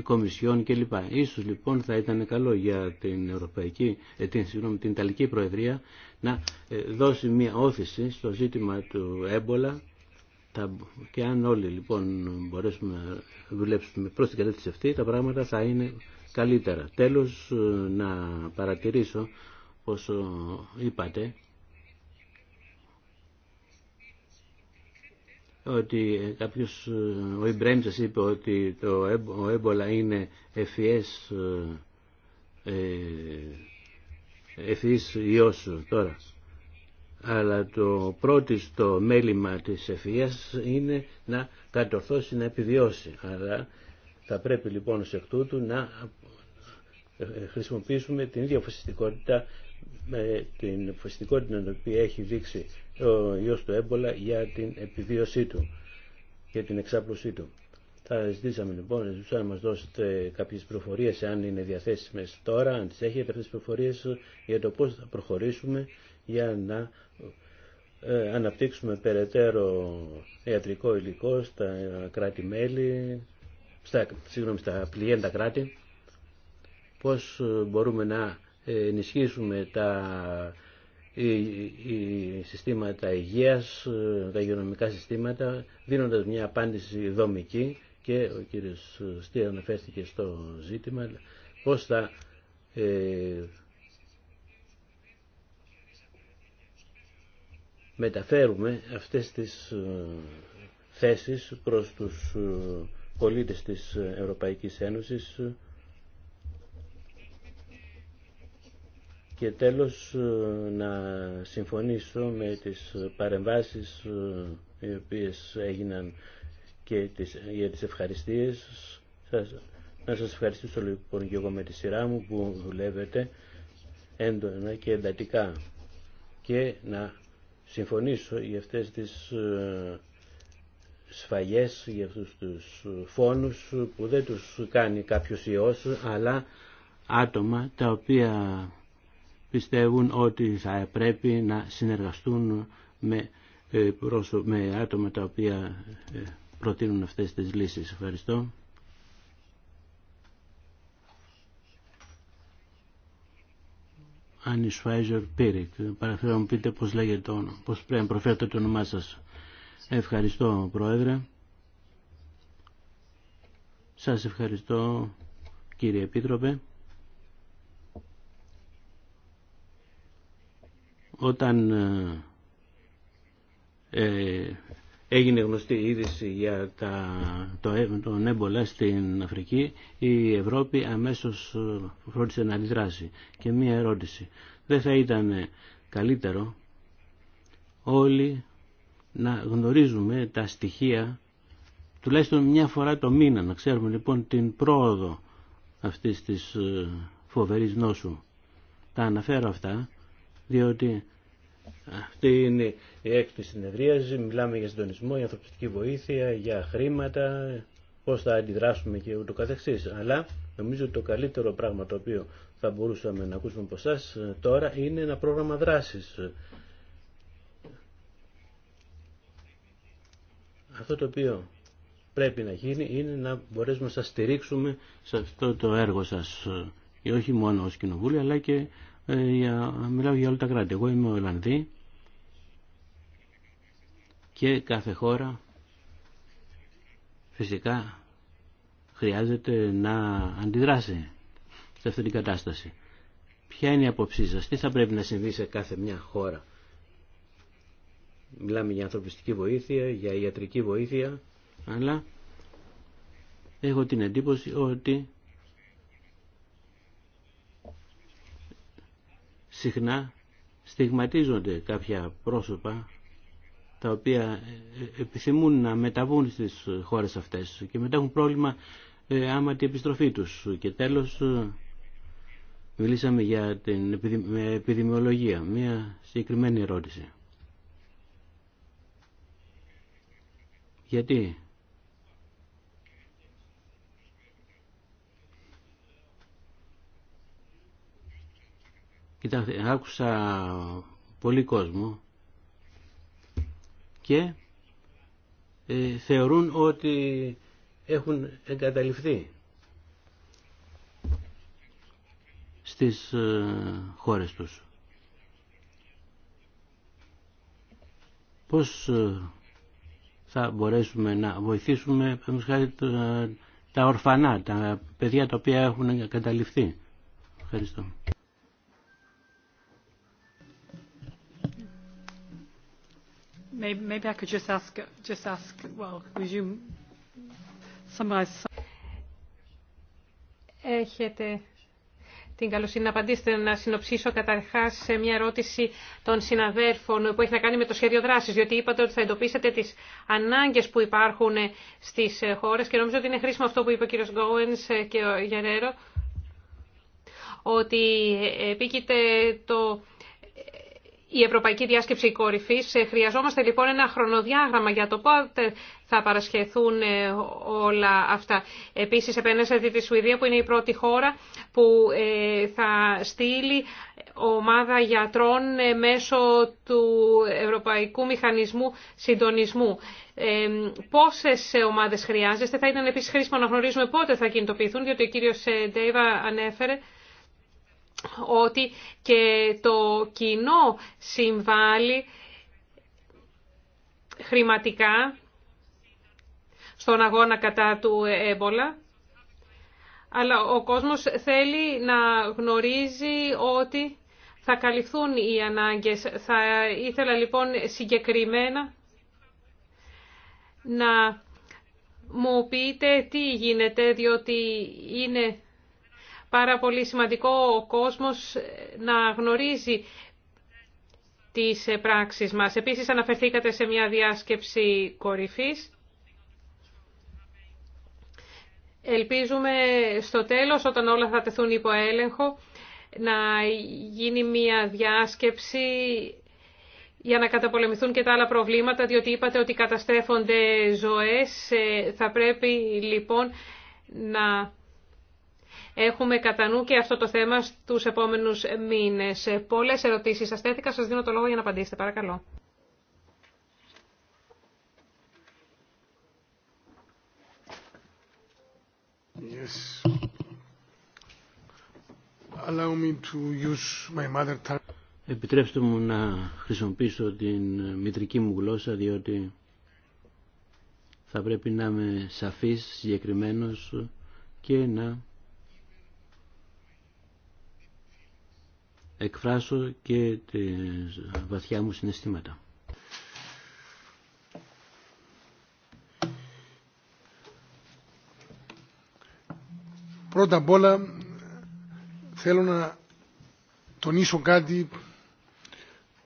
κομισιόν κλπ. Ίσως λοιπόν θα ήταν καλό για την, Ευρωπαϊκή, ε, την, συγγνώμη, την Ιταλική Προεδρία να ε, δώσει μια όθηση στο ζήτημα του έμπολα και αν όλοι λοιπόν μπορέσουμε να δουλέψουμε προς την κατεύθυνση αυτή τα πράγματα θα είναι καλύτερα. Τέλος ε, να παρατηρήσω όσο είπατε ότι ε, κάποιος, ε, ο Ιμπρέμ είπε ότι το, ο έμπολα είναι ευφυές ε, ευφυής ιός τώρα. Αλλά το πρώτο στο μέλημα της ευφυίας είναι να κατορθώσει να επιβιώσει. Αλλά θα πρέπει λοιπόν σε εκ του να ε, χρησιμοποιήσουμε την ίδια φασιστικότητα με την φασιστικότητα την οποία έχει δείξει ο ιός του έμπολα για την επιβίωσή του και την εξάπλωσή του. Θα ζητήσαμε λοιπόν, να μας δώσετε κάποιες προφορίες, αν είναι διαθέσιμες τώρα, αν τις έχετε αυτές τις προφορίες, για το πώς θα προχωρήσουμε για να ε, αναπτύξουμε περαιτέρω ιατρικό υλικό στα κράτη-μέλη, στα, στα πληγέντα κράτη, πώς μπορούμε να ενισχύσουμε τα οι συστήματα υγείας, ε, τα υγειονομικά συστήματα, δίνοντας μια απάντηση δομική και ο κύριος Στή αναφέρθηκε στο ζήτημα πώς θα ε, μεταφέρουμε αυτές τις ε, θέσεις προς τους πολίτες της Ευρωπαϊκής Ένωσης Και τέλος ε, να συμφωνήσω με τις παρεμβάσεις ε, οι οποίες έγιναν και τις, για τις ευχαριστίες. Σας, να σας ευχαριστήσω λοιπόν και εγώ με τη σειρά μου που δουλεύετε έντονα και εντατικά και να συμφωνήσω για αυτές τις ε, σφαγές, για αυτούς τους φόνους που δεν τους κάνει κάποιος ιός αλλά άτομα τα οποία πιστεύουν ότι θα πρέπει να συνεργαστούν με, ε, με άτομα τα οποία ε, προτείνουν αυτές τις λύσεις. Ευχαριστώ. Άννη Σφάιζερ Πίρικ. Παρακαλώ μου πείτε πώς λέγεται το όνομα, πώς πρέπει να προφέρετε το όνομά σας. Ευχαριστώ Πρόεδρε. Σας ευχαριστώ κύριε Επίτροπε. Όταν ε, ε, έγινε γνωστή η είδηση για τα, το, ε, τον έμπολα στην Αφρική, η Ευρώπη αμέσως ε, φρόντισε να αντιδράσει. Και μία ερώτηση. Δεν θα ήταν καλύτερο όλοι να γνωρίζουμε τα στοιχεία τουλάχιστον μια φορά το μήνα, να ξέρουμε λοιπόν την πρόοδο αυτής της φοβερής νόσου. Τα αναφέρω αυτά διότι αυτή είναι η έκτη συνεδρίαση, μιλάμε για συντονισμό, για ανθρωπιστική βοήθεια, για χρήματα, πώς θα αντιδράσουμε και ούτω καθεξής. Αλλά νομίζω ότι το καλύτερο πράγμα το οποίο θα μπορούσαμε να ακούσουμε από εσά τώρα είναι ένα πρόγραμμα δράσης. Αυτό το οποίο πρέπει να γίνει είναι να μπορέσουμε να σας στηρίξουμε σε αυτό το έργο σας και όχι μόνο ως κοινοβούλιο αλλά και ε, για, μιλάω για όλα τα κράτη. Εγώ είμαι Ολλανδί και κάθε χώρα φυσικά χρειάζεται να αντιδράσει σε αυτή την κατάσταση. Ποια είναι η απόψή σας, τι θα πρέπει να συμβεί σε κάθε μια χώρα. Μιλάμε για ανθρωπιστική βοήθεια, για ιατρική βοήθεια, αλλά έχω την εντύπωση ότι συχνά στιγματίζονται κάποια πρόσωπα τα οποία ε, ε, επιθυμούν να μεταβούν στις χώρες αυτές και μετά έχουν πρόβλημα ε, άμα την επιστροφή τους. Και τέλος μιλήσαμε για την επιδημιολογία. Μία συγκεκριμένη ερώτηση. Γιατί Κοιτάξτε, άκουσα πολύ κόσμο και ε, θεωρούν ότι έχουν εγκαταλειφθεί στις ε, χώρες τους. Πώς ε, θα μπορέσουμε να βοηθήσουμε χάρη, τα ορφανά, τα παιδιά τα οποία έχουν εγκαταλειφθεί. Ευχαριστώ. Maybe I could just ask, just ask, well, Έχετε την καλοσύνη να απαντήσετε, να συνοψίσω καταρχά σε μια ερώτηση των συναδέρφων που έχει να κάνει με το σχέδιο δράση. Διότι είπατε ότι θα εντοπίσετε τι ανάγκε που υπάρχουν στι χώρε και νομίζω ότι είναι χρήσιμο αυτό που είπε ο κ. Γκόεν και ο Γερέρο, ότι επίκειται το η Ευρωπαϊκή Διάσκεψη Κορυφής. Ε, χρειαζόμαστε λοιπόν ένα χρονοδιάγραμμα για το πότε θα παρασχεθούν ε, όλα αυτά. Επίσης επένεσατε τη Σουηδία που είναι η πρώτη χώρα που ε, θα στείλει ομάδα γιατρών μέσω του Ευρωπαϊκού Μηχανισμού Συντονισμού. Πόσες ομάδες χρειάζεστε. Θα ήταν επίσης χρήσιμο να γνωρίζουμε πότε θα κινητοποιηθούν, διότι ο κύριος Ντέιβα ανέφερε ότι και το κοινό συμβάλλει χρηματικά στον αγώνα κατά του έμπολα. Αλλά ο κόσμος θέλει να γνωρίζει ότι θα καλυφθούν οι ανάγκες. Θα ήθελα λοιπόν συγκεκριμένα να μου πείτε τι γίνεται, διότι είναι πάρα πολύ σημαντικό ο κόσμος να γνωρίζει τις πράξεις μας. Επίσης αναφερθήκατε σε μια διάσκεψη κορυφής. Ελπίζουμε στο τέλος, όταν όλα θα τεθούν υπό έλεγχο, να γίνει μια διάσκεψη για να καταπολεμηθούν και τα άλλα προβλήματα, διότι είπατε ότι καταστρέφονται ζωές. Ε, θα πρέπει λοιπόν να έχουμε κατά νου και αυτό το θέμα στους επόμενους μήνες. Ε, πολλές ερωτήσεις σας θέθηκα, σας δίνω το λόγο για να απαντήσετε. Παρακαλώ. Yes. Allow me to use my mother tongue. Επιτρέψτε μου να χρησιμοποιήσω την μητρική μου γλώσσα διότι θα πρέπει να είμαι σαφής, συγκεκριμένος και να εκφράσω και τις βαθιά μου συναισθήματα. Πρώτα απ' όλα θέλω να τονίσω κάτι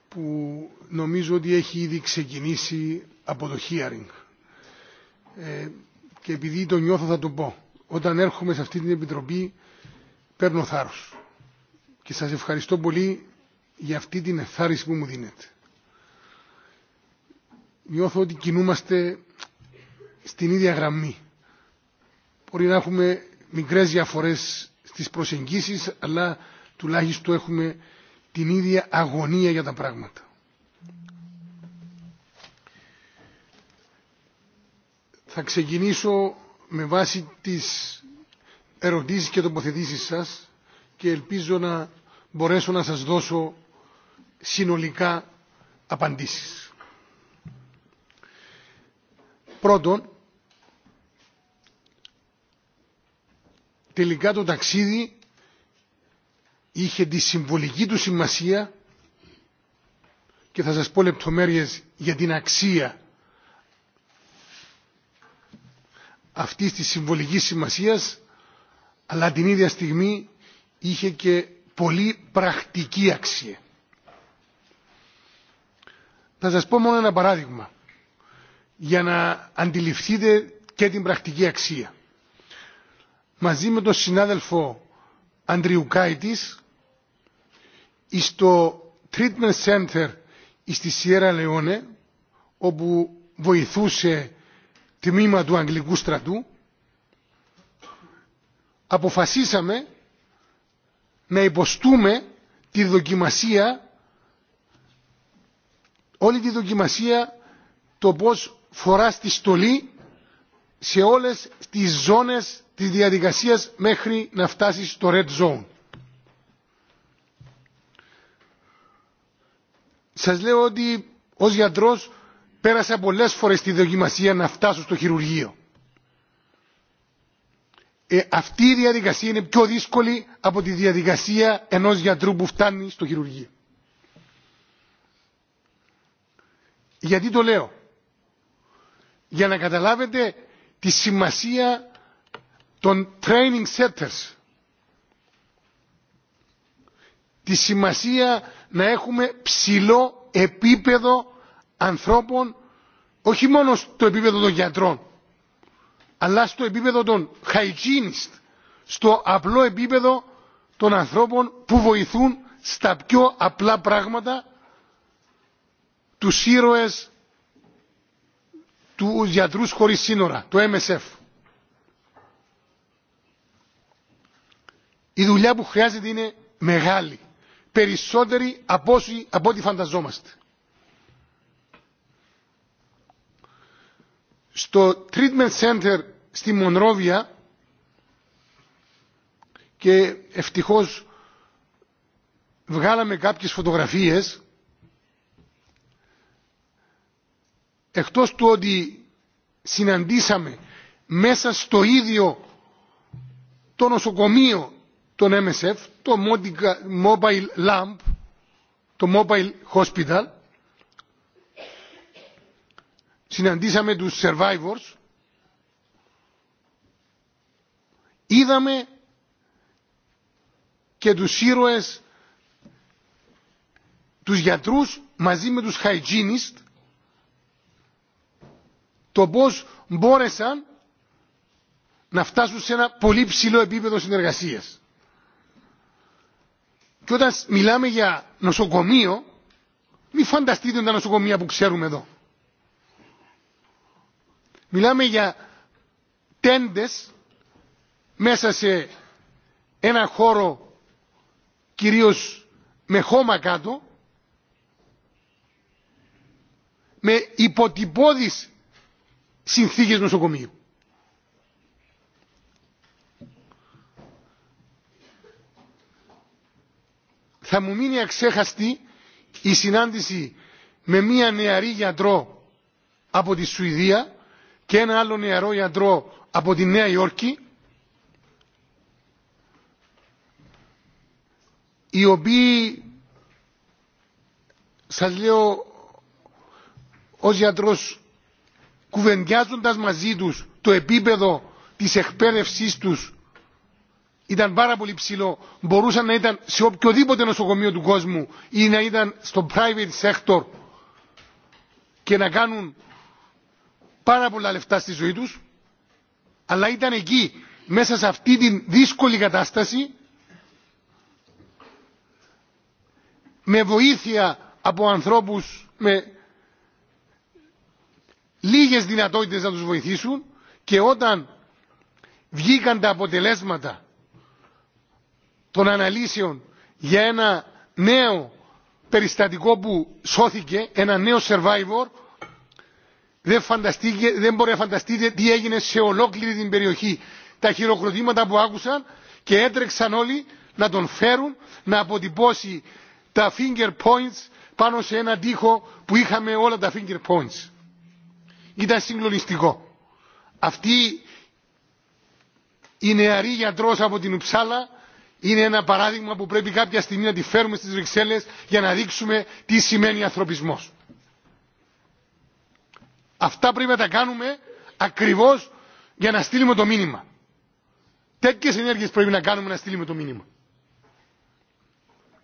που νομίζω ότι έχει ήδη ξεκινήσει από το hearing. Ε, και επειδή το νιώθω θα το πω. Όταν έρχομαι σε αυτή την Επιτροπή παίρνω θάρρος και σας ευχαριστώ πολύ για αυτή την εθάριση που μου δίνετε. Νιώθω ότι κινούμαστε στην ίδια γραμμή. Μπορεί να έχουμε μικρές διαφορές στις προσεγγίσεις, αλλά τουλάχιστον έχουμε την ίδια αγωνία για τα πράγματα. Θα ξεκινήσω με βάση τις ερωτήσεις και τοποθετήσεις σας και ελπίζω να μπορέσω να σας δώσω συνολικά απαντήσεις. Πρώτον, τελικά το ταξίδι είχε τη συμβολική του σημασία και θα σας πω λεπτομέρειες για την αξία αυτής της συμβολικής σημασίας αλλά την ίδια στιγμή είχε και πολύ πρακτική αξία. Θα σας πω μόνο ένα παράδειγμα για να αντιληφθείτε και την πρακτική αξία. Μαζί με τον συνάδελφο Αντριουκάητης στο treatment center στη Σιέρα Λεόνε όπου βοηθούσε τμήμα του Αγγλικού στρατού αποφασίσαμε να υποστούμε τη δοκιμασία, όλη τη δοκιμασία το πώς φοράς τη στολή σε όλες τις ζώνες της διαδικασίας μέχρι να φτάσει στο red zone. Σας λέω ότι ως γιατρός πέρασα πολλές φορές τη δοκιμασία να φτάσω στο χειρουργείο. Ε, αυτή η διαδικασία είναι πιο δύσκολη από τη διαδικασία ενός γιατρού που φτάνει στο χειρουργείο. Γιατί το λέω. Για να καταλάβετε τη σημασία των training centers. Τη σημασία να έχουμε ψηλό επίπεδο ανθρώπων, όχι μόνο στο επίπεδο των γιατρών, αλλά στο επίπεδο των hygienist, στο απλό επίπεδο των ανθρώπων που βοηθούν στα πιο απλά πράγματα του ήρωες του γιατρού χωρίς σύνορα, το MSF. Η δουλειά που χρειάζεται είναι μεγάλη, περισσότερη από, όσοι, από ό,τι φανταζόμαστε. Στο treatment center στη Μονρόβια και ευτυχώς βγάλαμε κάποιες φωτογραφίες εκτός του ότι συναντήσαμε μέσα στο ίδιο το νοσοκομείο των MSF, το Mobile Lamp, το Mobile Hospital, συναντήσαμε τους survivors Είδαμε και τους ήρωες, τους γιατρούς μαζί με τους hygienists το πώς μπόρεσαν να φτάσουν σε ένα πολύ ψηλό επίπεδο συνεργασίας. Και όταν μιλάμε για νοσοκομείο, μη φανταστείτε τα νοσοκομεία που ξέρουμε εδώ. Μιλάμε για τέντες μέσα σε ένα χώρο κυρίως με χώμα κάτω, με υποτυπώδεις συνθήκες νοσοκομείου. Θα μου μείνει αξέχαστη η συνάντηση με μία νεαρή γιατρό από τη Σουηδία και ένα άλλο νεαρό γιατρό από τη Νέα Υόρκη οι οποίοι σας λέω ως γιατρός κουβεντιάζοντας μαζί τους το επίπεδο της εκπαίδευσής τους ήταν πάρα πολύ ψηλό. Μπορούσαν να ήταν σε οποιοδήποτε νοσοκομείο του κόσμου ή να ήταν στο private sector και να κάνουν πάρα πολλά λεφτά στη ζωή τους αλλά ήταν εκεί μέσα σε αυτή τη δύσκολη κατάσταση με βοήθεια από ανθρώπους με λίγες δυνατότητες να τους βοηθήσουν και όταν βγήκαν τα αποτελέσματα των αναλύσεων για ένα νέο περιστατικό που σώθηκε, ένα νέο survivor, δεν, δεν μπορεί να φανταστείτε τι έγινε σε ολόκληρη την περιοχή. Τα χειροκροτήματα που άκουσαν και έτρεξαν όλοι να τον φέρουν να αποτυπώσει τα finger points πάνω σε έναν τοίχο που είχαμε όλα τα finger points. Ήταν συγκλονιστικό. Αυτή η νεαρή γιατρό από την Ουψάλα είναι ένα παράδειγμα που πρέπει κάποια στιγμή να τη φέρουμε στις Βρυξέλλες για να δείξουμε τι σημαίνει ανθρωπισμός. Αυτά πρέπει να τα κάνουμε ακριβώς για να στείλουμε το μήνυμα. Τέτοιες ενέργειες πρέπει να κάνουμε να στείλουμε το μήνυμα.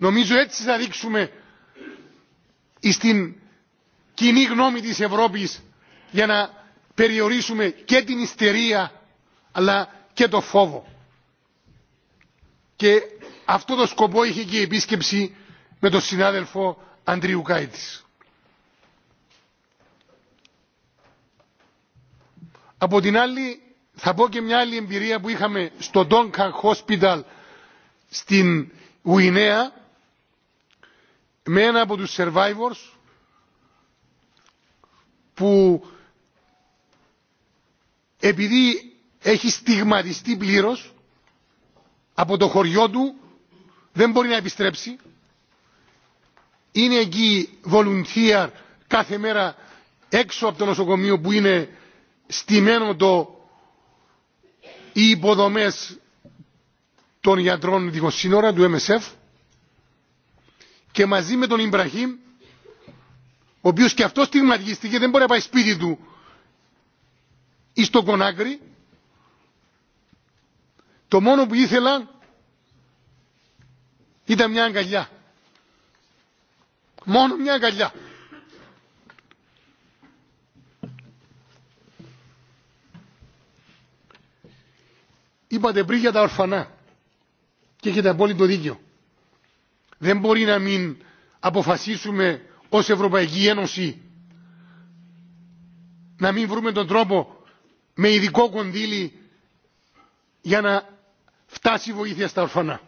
Νομίζω έτσι θα δείξουμε στην κοινή γνώμη της Ευρώπης για να περιορίσουμε και την ιστερία αλλά και το φόβο. Και αυτό το σκοπό είχε και η επίσκεψη με τον συνάδελφο Αντρίου Κάιτης. Από την άλλη θα πω και μια άλλη εμπειρία που είχαμε στο Ντόγκα Hospital στην Ουινέα με ένα από τους survivors που επειδή έχει στιγματιστεί πλήρως από το χωριό του δεν μπορεί να επιστρέψει είναι εκεί βολουνθία κάθε μέρα έξω από το νοσοκομείο που είναι στημένο το οι υποδομές των γιατρών δικοσύνορα του MSF και μαζί με τον Ιμπραχήμ ο οποίο και αυτό στιγματιστήκε δεν μπορεί να πάει σπίτι του ή στο κονάκρι το μόνο που ήθελα ήταν μια αγκαλιά μόνο μια αγκαλιά είπατε πριν για τα ορφανά και έχετε απόλυτο δίκιο δεν μπορεί να μην αποφασίσουμε ως Ευρωπαϊκή Ένωση να μην βρούμε τον τρόπο με ειδικό κονδύλι για να φτάσει βοήθεια στα ορφανά.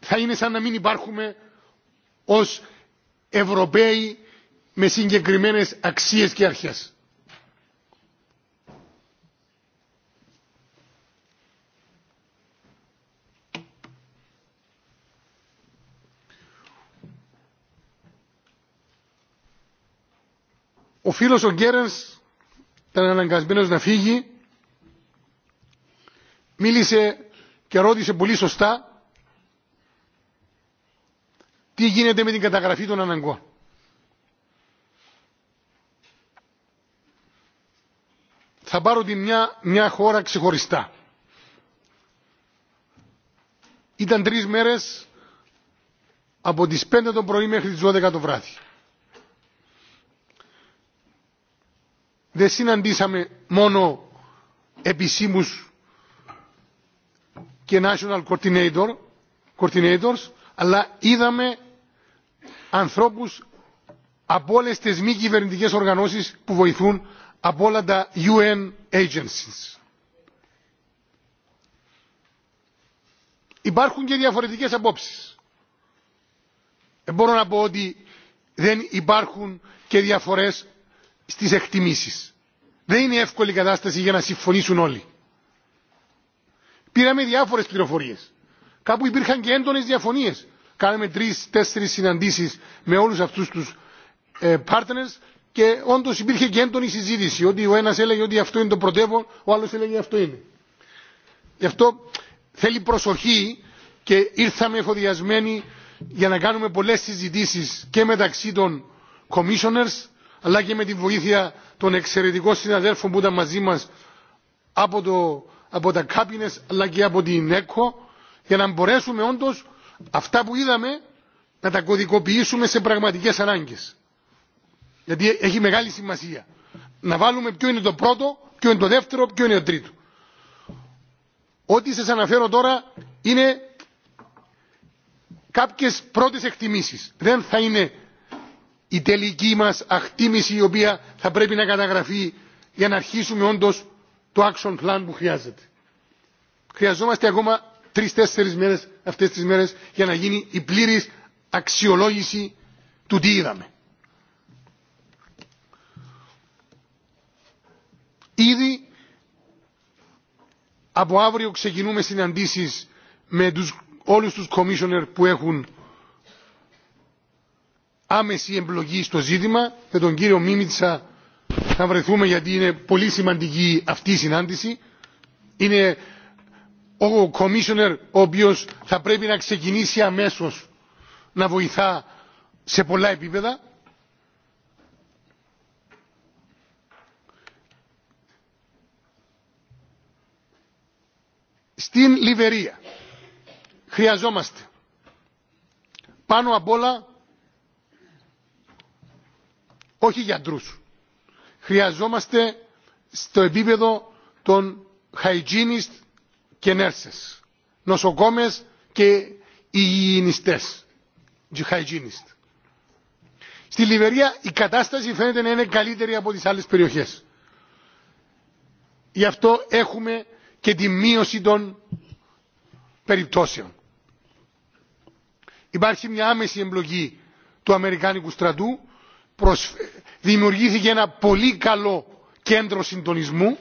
Θα είναι σαν να μην υπάρχουμε ως Ευρωπαίοι με συγκεκριμένες αξίες και αρχές. Ο φίλος ο Γκέρενς ήταν αναγκασμένος να φύγει. Μίλησε και ρώτησε πολύ σωστά τι γίνεται με την καταγραφή των αναγκών. Θα πάρω τη μια, μια χώρα ξεχωριστά. Ήταν τρεις μέρες από τις 5 το πρωί μέχρι τις 12 το βράδυ. δεν συναντήσαμε μόνο επισήμους και national coordinators, αλλά είδαμε ανθρώπους από όλε τι μη κυβερνητικέ οργανώσει που βοηθούν από όλα τα UN agencies. Υπάρχουν και διαφορετικές απόψεις. Δεν μπορώ να πω ότι δεν υπάρχουν και διαφορές στις εκτιμήσεις. Δεν είναι εύκολη η κατάσταση για να συμφωνήσουν όλοι. Πήραμε διάφορες πληροφορίες. Κάπου υπήρχαν και έντονες διαφωνίες. Κάναμε τρεις-τέσσερις συναντήσεις με όλους αυτούς τους ε, partners και όντω υπήρχε και έντονη συζήτηση ότι ο ένας έλεγε ότι αυτό είναι το πρωτεύον, ο άλλος έλεγε αυτό είναι. Γι' αυτό θέλει προσοχή και ήρθαμε εφοδιασμένοι για να κάνουμε πολλές συζητήσεις και μεταξύ των commissioners αλλά και με τη βοήθεια των εξαιρετικών συναδέλφων που ήταν μαζί μας από, τα κάπινες αλλά και από την ΕΚΟ για να μπορέσουμε όντως αυτά που είδαμε να τα κωδικοποιήσουμε σε πραγματικές ανάγκες. Γιατί έχει μεγάλη σημασία. Να βάλουμε ποιο είναι το πρώτο, ποιο είναι το δεύτερο, ποιο είναι το τρίτο. Ό,τι σας αναφέρω τώρα είναι κάποιες πρώτες εκτιμήσεις. Δεν θα είναι η τελική μας ακτίμηση η οποία θα πρέπει να καταγραφεί για να αρχίσουμε όντως το action plan που χρειάζεται. Χρειαζόμαστε ακόμα τρεις-τέσσερις μέρες αυτές τις μέρες για να γίνει η πλήρης αξιολόγηση του τι είδαμε. Ήδη από αύριο ξεκινούμε συναντήσεις με τους, όλους τους commissioner που έχουν άμεση εμπλοκή στο ζήτημα. Με τον κύριο Μίμητσα θα βρεθούμε γιατί είναι πολύ σημαντική αυτή η συνάντηση. Είναι ο Commissioner ο οποίος θα πρέπει να ξεκινήσει αμέσως να βοηθά σε πολλά επίπεδα. Στην Λιβερία χρειαζόμαστε πάνω απ' όλα όχι γιατρού. Χρειαζόμαστε στο επίπεδο των hygienist και nurses, νοσοκόμες και υγιεινιστές, hygienist. Στη Λιβερία η κατάσταση φαίνεται να είναι καλύτερη από τις άλλες περιοχές. Γι' αυτό έχουμε και τη μείωση των περιπτώσεων. Υπάρχει μια άμεση εμπλοκή του Αμερικάνικου στρατού δημιουργήθηκε ένα πολύ καλό κέντρο συντονισμού.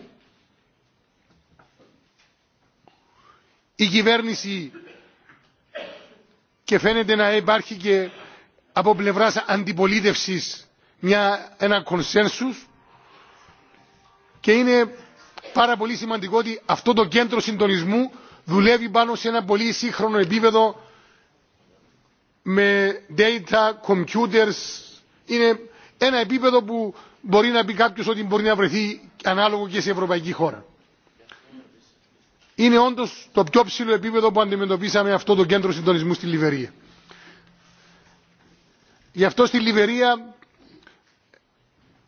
Η κυβέρνηση και φαίνεται να υπάρχει και από πλευράς αντιπολίτευσης μια, ένα κονσένσους και είναι πάρα πολύ σημαντικό ότι αυτό το κέντρο συντονισμού δουλεύει πάνω σε ένα πολύ σύγχρονο επίπεδο με data, computers, είναι ένα επίπεδο που μπορεί να πει κάποιο ότι μπορεί να βρεθεί ανάλογο και σε ευρωπαϊκή χώρα. Είναι όντω το πιο ψηλό επίπεδο που αντιμετωπίσαμε αυτό το κέντρο συντονισμού στη Λιβερία. Γι' αυτό στη Λιβερία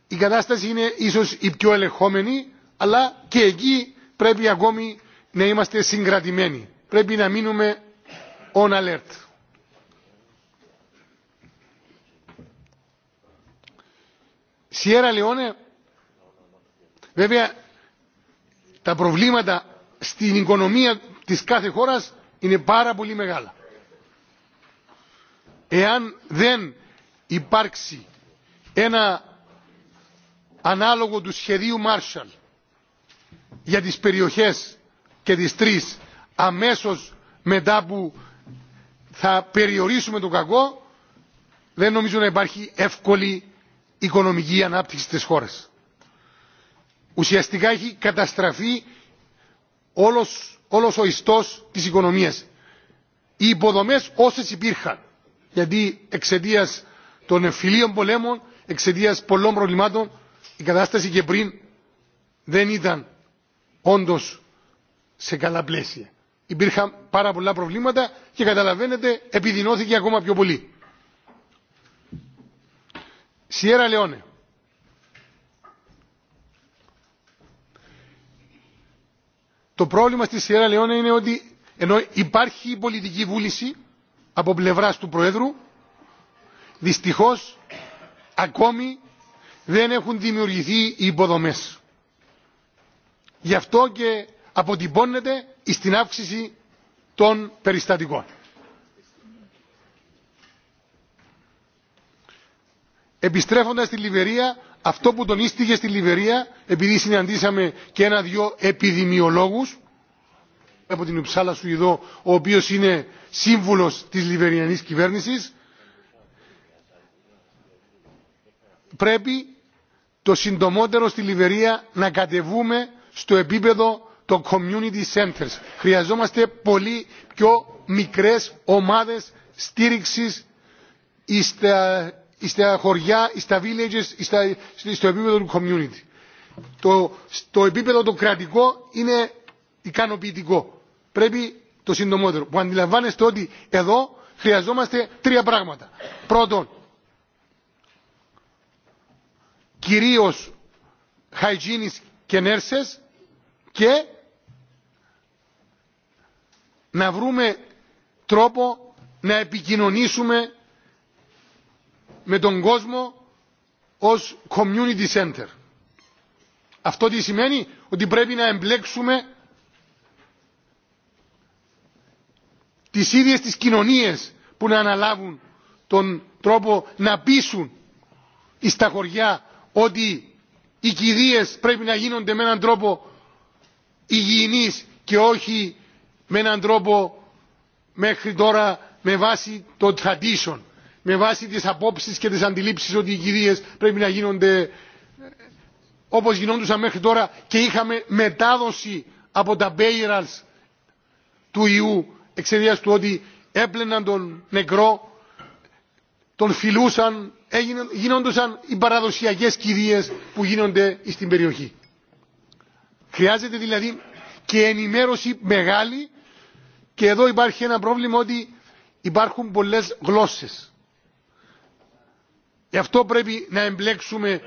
η κατάσταση είναι ίσως η πιο ελεγχόμενη, αλλά και εκεί πρέπει ακόμη να είμαστε συγκρατημένοι. Πρέπει να μείνουμε on alert. Σιέρα Λεόνε, βέβαια τα προβλήματα στην οικονομία της κάθε χώρας είναι πάρα πολύ μεγάλα. Εάν δεν υπάρξει ένα ανάλογο του σχεδίου Marshall για τις περιοχές και τις τρεις αμέσως μετά που θα περιορίσουμε το κακό δεν νομίζω να υπάρχει εύκολη οικονομική ανάπτυξη της χώρας. Ουσιαστικά έχει καταστραφεί όλος, ο ιστός της οικονομίας. Οι υποδομές όσες υπήρχαν, γιατί εξαιτία των εμφυλίων πολέμων, εξαιτία πολλών προβλημάτων, η κατάσταση και πριν δεν ήταν όντως σε καλά πλαίσια. Υπήρχαν πάρα πολλά προβλήματα και καταλαβαίνετε επιδεινώθηκε ακόμα πιο πολύ. Σιέρα Λεόνε. Το πρόβλημα στη Σιέρα Λεόνε είναι ότι ενώ υπάρχει πολιτική βούληση από πλευράς του Προέδρου, δυστυχώς ακόμη δεν έχουν δημιουργηθεί οι υποδομές. Γι' αυτό και αποτυπώνεται στην αύξηση των περιστατικών. επιστρέφοντα στη Λιβερία αυτό που τον ίστιγε στη Λιβερία, επειδή συναντήσαμε και ένα-δυο επιδημιολόγους, από την σου Σουηδό, ο οποίο είναι σύμβουλο της Λιβεριανή κυβέρνηση, πρέπει το συντομότερο στη Λιβερία να κατεβούμε στο επίπεδο των community centers. Χρειαζόμαστε πολύ πιο μικρές ομάδες στήριξης στα χωριά, στα villages, στα, στο επίπεδο του community. Το, το επίπεδο το κρατικό είναι ικανοποιητικό. Πρέπει το συντομότερο. Που αντιλαμβάνεστε ότι εδώ χρειαζόμαστε τρία πράγματα. Πρώτον, κυρίως hygienists και nurses και να βρούμε τρόπο να επικοινωνήσουμε με τον κόσμο ως community center. Αυτό τι σημαίνει ότι πρέπει να εμπλέξουμε τις ίδιες τις κοινωνίες που να αναλάβουν τον τρόπο να πείσουν στα χωριά ότι οι κηδείες πρέπει να γίνονται με έναν τρόπο υγιεινής και όχι με έναν τρόπο μέχρι τώρα με βάση το tradition με βάση τις απόψεις και τις αντιλήψεις ότι οι κυρίες πρέπει να γίνονται ε, όπως γινόντουσαν μέχρι τώρα και είχαμε μετάδοση από τα μπέιραλς του ιού εξαιτία του ότι έπλαιναν τον νεκρό, τον φιλούσαν, γίνοντουσαν οι παραδοσιακές κυρίες που γίνονται στην περιοχή. Χρειάζεται δηλαδή και ενημέρωση μεγάλη και εδώ υπάρχει ένα πρόβλημα ότι υπάρχουν πολλές γλώσσες. Γι' αυτό πρέπει να εμπλέξουμε,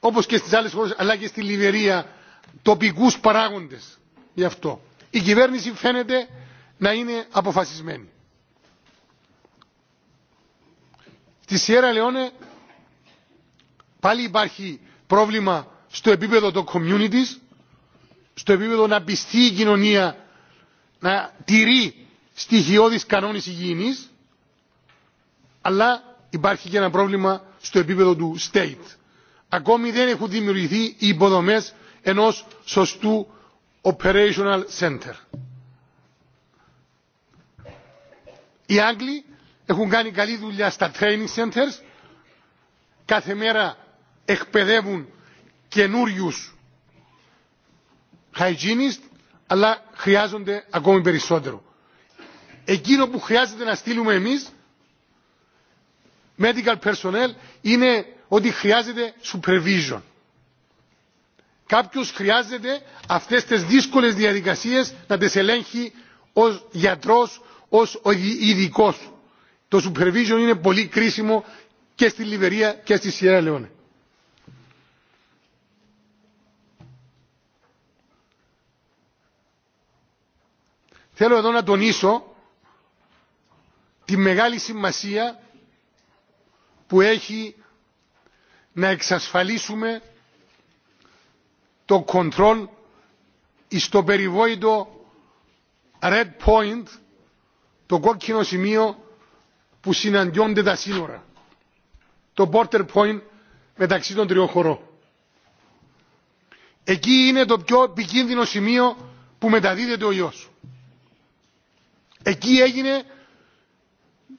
όπως και στις άλλες χώρες, αλλά και στη Λιβερία, τοπικούς παράγοντες γι' αυτό. Η κυβέρνηση φαίνεται να είναι αποφασισμένη. Στη Σιέρα Λεόνε πάλι υπάρχει πρόβλημα στο επίπεδο των communities, στο επίπεδο να πιστεί η κοινωνία να τηρεί στοιχειώδεις κανόνες υγιεινής, αλλά υπάρχει και ένα πρόβλημα στο επίπεδο του state. Ακόμη δεν έχουν δημιουργηθεί οι υποδομές ενός σωστού operational center. Οι Άγγλοι έχουν κάνει καλή δουλειά στα training centers. Κάθε μέρα εκπαιδεύουν καινούριου Hygienists, αλλά χρειάζονται ακόμη περισσότερο. Εκείνο που χρειάζεται να στείλουμε εμείς medical personnel είναι ότι χρειάζεται supervision. Κάποιος χρειάζεται αυτές τις δύσκολες διαδικασίες να τις ελέγχει ως γιατρός, ως ειδικό. Το supervision είναι πολύ κρίσιμο και στη Λιβερία και στη Σιέρα Λεόνε. Θέλω εδώ να τονίσω τη μεγάλη σημασία που έχει να εξασφαλίσουμε το κοντρόλ στο περιβόητο red point, το κόκκινο σημείο που συναντιόνται τα σύνορα, το border point μεταξύ των τριών χωρών. Εκεί είναι το πιο επικίνδυνο σημείο που μεταδίδεται ο ιός. Εκεί έγινε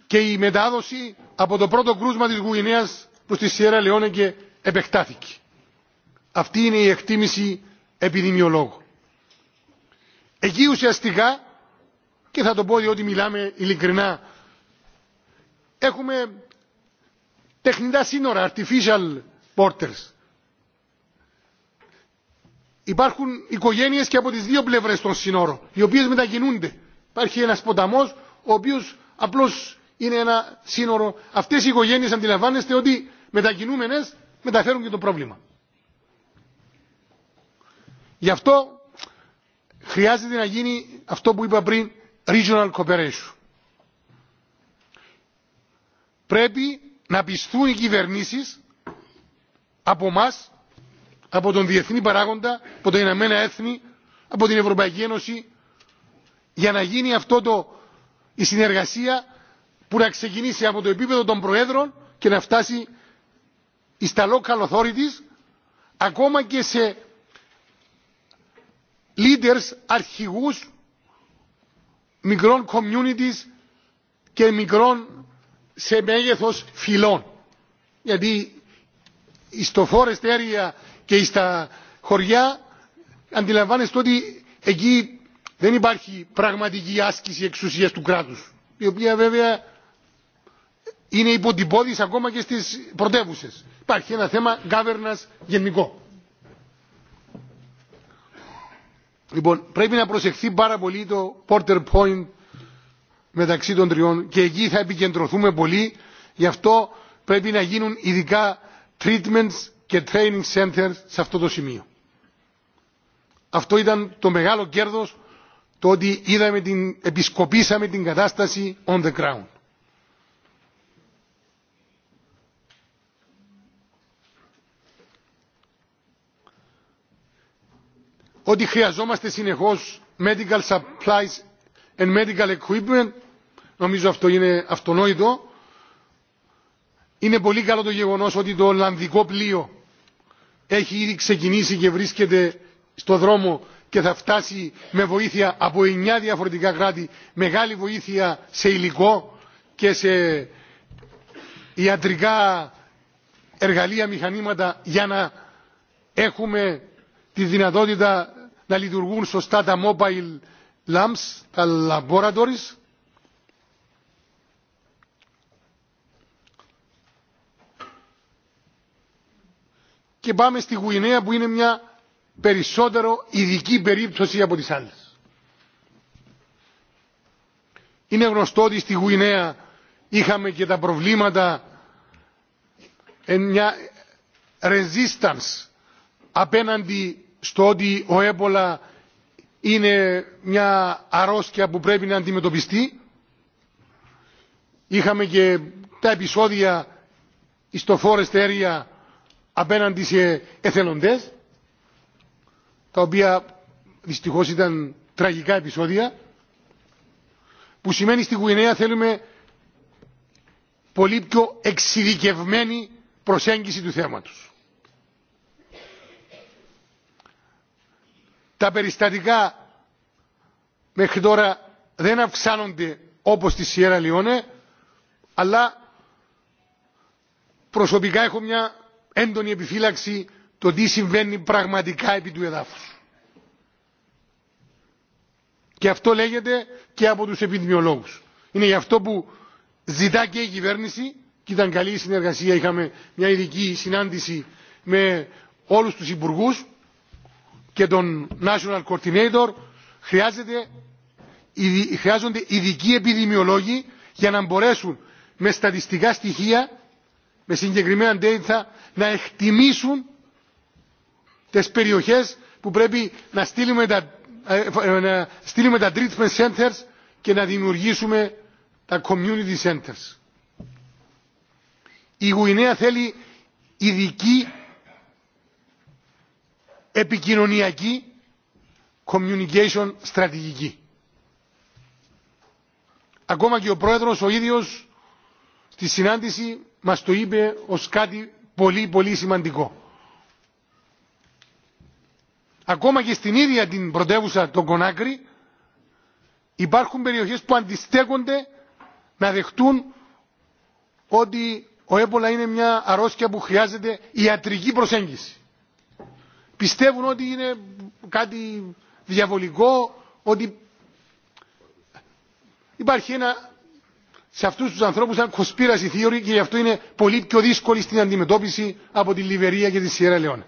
και η μετάδοση από το πρώτο κρούσμα της Γουινέας που στη Σιέρα Λεόνε και επεκτάθηκε. Αυτή είναι η εκτίμηση επιδημιολόγου. Εκεί ουσιαστικά, και θα το πω διότι μιλάμε ειλικρινά, έχουμε τεχνητά σύνορα, artificial porters. Υπάρχουν οικογένειες και από τις δύο πλευρές των σύνορων, οι οποίες μετακινούνται. Υπάρχει ένας ποταμός, ο οποίος απλώς είναι ένα σύνορο. αυτέ οι οικογένειε αντιλαμβάνεστε ότι μετακινούμενες μεταφέρουν και το πρόβλημα. Γι' αυτό χρειάζεται να γίνει αυτό που είπα πριν, regional cooperation. Πρέπει να πιστούν οι κυβερνήσεις από εμά, από τον διεθνή παράγοντα, από τα Ηνωμένα Έθνη, από την Ευρωπαϊκή Ένωση, για να γίνει αυτό το, η συνεργασία που να ξεκινήσει από το επίπεδο των Προέδρων και να φτάσει στα local authorities, ακόμα και σε leaders, αρχηγούς μικρών communities και μικρών σε μέγεθος φυλών. Γιατί στο forest area και στα χωριά αντιλαμβάνεστε ότι εκεί δεν υπάρχει πραγματική άσκηση εξουσίας του κράτους, η οποία βέβαια είναι υποτυπώδης ακόμα και στις πρωτεύουσες. Υπάρχει ένα θέμα governance γενικό. Λοιπόν, πρέπει να προσεχθεί πάρα πολύ το Porter Point μεταξύ των τριών και εκεί θα επικεντρωθούμε πολύ. Γι' αυτό πρέπει να γίνουν ειδικά treatments και training centers σε αυτό το σημείο. Αυτό ήταν το μεγάλο κέρδος το ότι είδαμε την, επισκοπήσαμε την κατάσταση on the ground. ότι χρειαζόμαστε συνεχώς medical supplies and medical equipment, νομίζω αυτό είναι αυτονόητο. Είναι πολύ καλό το γεγονός ότι το Ολλανδικό πλοίο έχει ήδη ξεκινήσει και βρίσκεται στο δρόμο και θα φτάσει με βοήθεια από 9 διαφορετικά κράτη, μεγάλη βοήθεια σε υλικό και σε ιατρικά εργαλεία, μηχανήματα για να έχουμε τη δυνατότητα να λειτουργούν σωστά τα mobile labs, τα laboratories. Και πάμε στη Γουινέα που είναι μια περισσότερο ειδική περίπτωση από τις άλλες. Είναι γνωστό ότι στη Γουινέα είχαμε και τα προβλήματα μια resistance απέναντι στο ότι ο έμπολα είναι μια αρρώστια που πρέπει να αντιμετωπιστεί. Είχαμε και τα επεισόδια στο Forest Area απέναντι σε εθελοντές, τα οποία δυστυχώς ήταν τραγικά επεισόδια, που σημαίνει στη Γουινέα θέλουμε πολύ πιο εξειδικευμένη προσέγγιση του θέματος. τα περιστατικά μέχρι τώρα δεν αυξάνονται όπως στη Σιέρα Λιόνε, αλλά προσωπικά έχω μια έντονη επιφύλαξη το τι συμβαίνει πραγματικά επί του εδάφους. Και αυτό λέγεται και από τους επιδημιολόγους. Είναι γι' αυτό που ζητά και η κυβέρνηση και ήταν καλή συνεργασία, είχαμε μια ειδική συνάντηση με όλους τους υπουργούς και τον National Coordinator χρειάζεται, χρειάζονται ειδικοί επιδημιολόγοι για να μπορέσουν με στατιστικά στοιχεία, με συγκεκριμένα data, να εκτιμήσουν τις περιοχές που πρέπει να στείλουμε τα, ε, ε, ε, να στείλουμε τα treatment centers και να δημιουργήσουμε τα community centers. Η Γουινέα θέλει ειδική επικοινωνιακή communication στρατηγική. Ακόμα και ο πρόεδρος ο ίδιος στη συνάντηση μας το είπε ως κάτι πολύ πολύ σημαντικό. Ακόμα και στην ίδια την πρωτεύουσα των Κονάκρη υπάρχουν περιοχές που αντιστέκονται να δεχτούν ότι ο έπολα είναι μια αρρώστια που χρειάζεται ιατρική προσέγγιση πιστεύουν ότι είναι κάτι διαβολικό, ότι υπάρχει ένα σε αυτού του ανθρώπου σαν κοσπίραση theory και γι' αυτό είναι πολύ πιο δύσκολη στην αντιμετώπιση από τη Λιβερία και τη Σιέρα Λεόνα.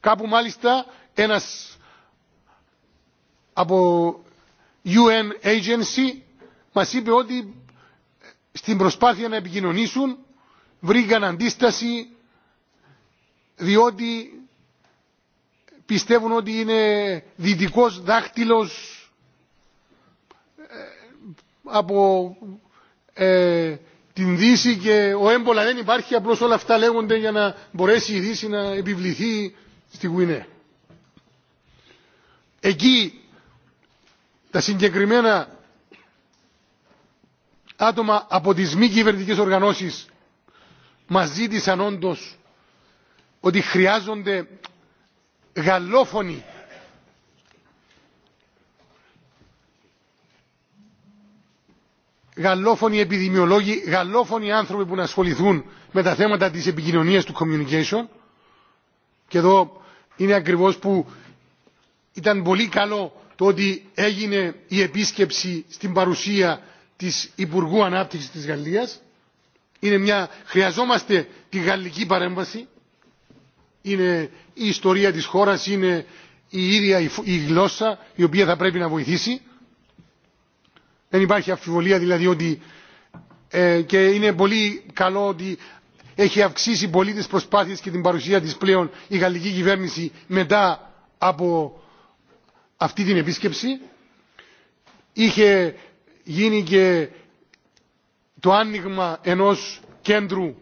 Κάπου μάλιστα ένας από UN agency μας είπε ότι στην προσπάθεια να επικοινωνήσουν βρήκαν αντίσταση διότι πιστεύουν ότι είναι δυτικός δάχτυλος ε, από ε, την Δύση και ο έμπολα δεν υπάρχει, απλώς όλα αυτά λέγονται για να μπορέσει η Δύση να επιβληθεί στη Γουινέα. Εκεί τα συγκεκριμένα άτομα από τις μη κυβερνητικέ οργανώσεις Μα ζήτησαν όντω ότι χρειάζονται γαλλόφωνοι γαλλόφωνοι επιδημιολόγοι, γαλλόφωνοι άνθρωποι που να ασχοληθούν με τα θέματα της επικοινωνίας του communication και εδώ είναι ακριβώς που ήταν πολύ καλό το ότι έγινε η επίσκεψη στην παρουσία της Υπουργού Ανάπτυξης της Γαλλίας είναι μια... Χρειαζόμαστε τη γαλλική παρέμβαση. Είναι η ιστορία της χώρας, είναι η ίδια η γλώσσα η οποία θα πρέπει να βοηθήσει. Δεν υπάρχει αμφιβολία δηλαδή ότι ε, και είναι πολύ καλό ότι έχει αυξήσει πολύ τις προσπάθειες και την παρουσία της πλέον η γαλλική κυβέρνηση μετά από αυτή την επίσκεψη. Είχε γίνει και το άνοιγμα ενός κέντρου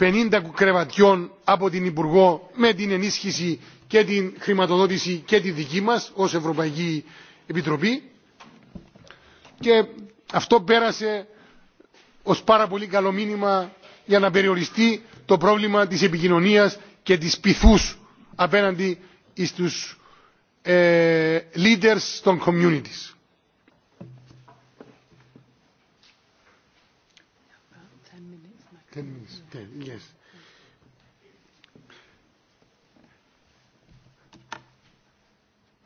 50 κρεβατιών από την Υπουργό με την ενίσχυση και την χρηματοδότηση και τη δική μας ως Ευρωπαϊκή Επιτροπή και αυτό πέρασε ως πάρα πολύ καλό μήνυμα για να περιοριστεί το πρόβλημα της επικοινωνίας και της πυθούς απέναντι στους ε, leaders των communities.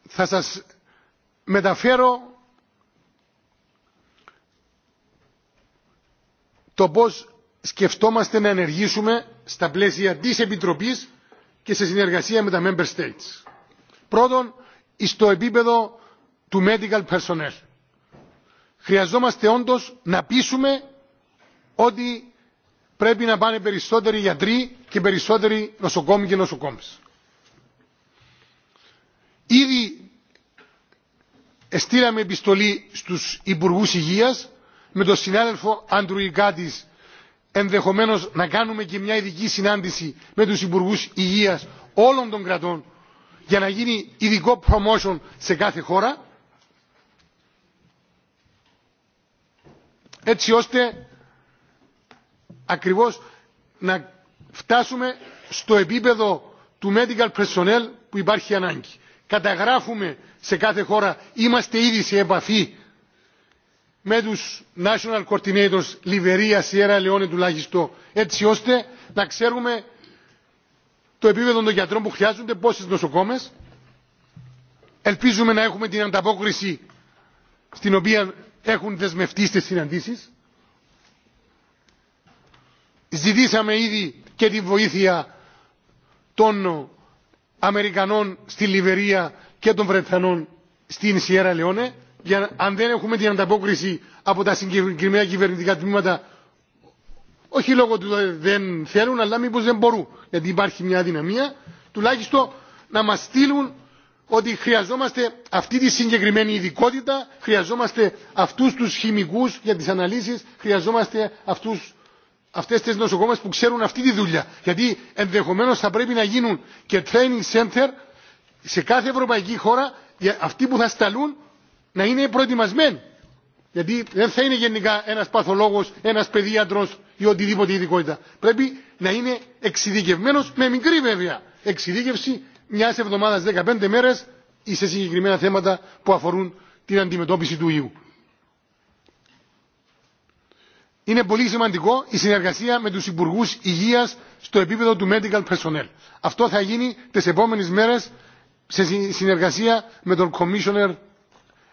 Θα σας μεταφέρω το πώς σκεφτόμαστε να ενεργήσουμε στα πλαίσια της Επιτροπής και σε συνεργασία με τα Member States. Πρώτον, στο επίπεδο του medical personnel. Χρειαζόμαστε όντως να πείσουμε ότι πρέπει να πάνε περισσότεροι γιατροί και περισσότεροι νοσοκόμοι και νοσοκόμες. Ήδη εστήραμε επιστολή στους Υπουργούς Υγείας με τον συνάδελφο Ικάτης ενδεχομένως να κάνουμε και μια ειδική συνάντηση με τους Υπουργούς Υγείας όλων των κρατών για να γίνει ειδικό promotion σε κάθε χώρα έτσι ώστε ακριβώς να φτάσουμε στο επίπεδο του medical personnel που υπάρχει ανάγκη. Καταγράφουμε σε κάθε χώρα, είμαστε ήδη σε επαφή με τους National Coordinators Λιβερία, Σιέρα Λεόνε τουλάχιστον, έτσι ώστε να ξέρουμε το επίπεδο των γιατρών που χρειάζονται, πόσες νοσοκόμες. Ελπίζουμε να έχουμε την ανταπόκριση στην οποία έχουν δεσμευτεί στις συναντήσεις. Ζητήσαμε ήδη και τη βοήθεια των Αμερικανών στη Λιβερία και των Βρετανών στην Σιέρα Λεόνε. Για, αν δεν έχουμε την ανταπόκριση από τα συγκεκριμένα κυβερνητικά τμήματα, όχι λόγω του δεν θέλουν, αλλά μήπως δεν μπορούν, γιατί υπάρχει μια δυναμία, τουλάχιστον να μας στείλουν ότι χρειαζόμαστε αυτή τη συγκεκριμένη ειδικότητα, χρειαζόμαστε αυτούς τους χημικούς για τις αναλύσεις, χρειαζόμαστε αυτούς αυτέ τι νοσοκόμε που ξέρουν αυτή τη δουλειά. Γιατί ενδεχομένω θα πρέπει να γίνουν και training center σε κάθε ευρωπαϊκή χώρα για αυτοί που θα σταλούν να είναι προετοιμασμένοι. Γιατί δεν θα είναι γενικά ένα παθολόγο, ένα παιδίατρο ή οτιδήποτε ειδικότητα. Πρέπει να είναι εξειδικευμένο με μικρή βέβαια εξειδίκευση μια εβδομάδα 15 μέρε ή σε συγκεκριμένα θέματα που αφορούν την αντιμετώπιση του ιού είναι πολύ σημαντικό η συνεργασία με τους Υπουργούς Υγείας στο επίπεδο του medical personnel. Αυτό θα γίνει τις επόμενες μέρες σε συνεργασία με τον Commissioner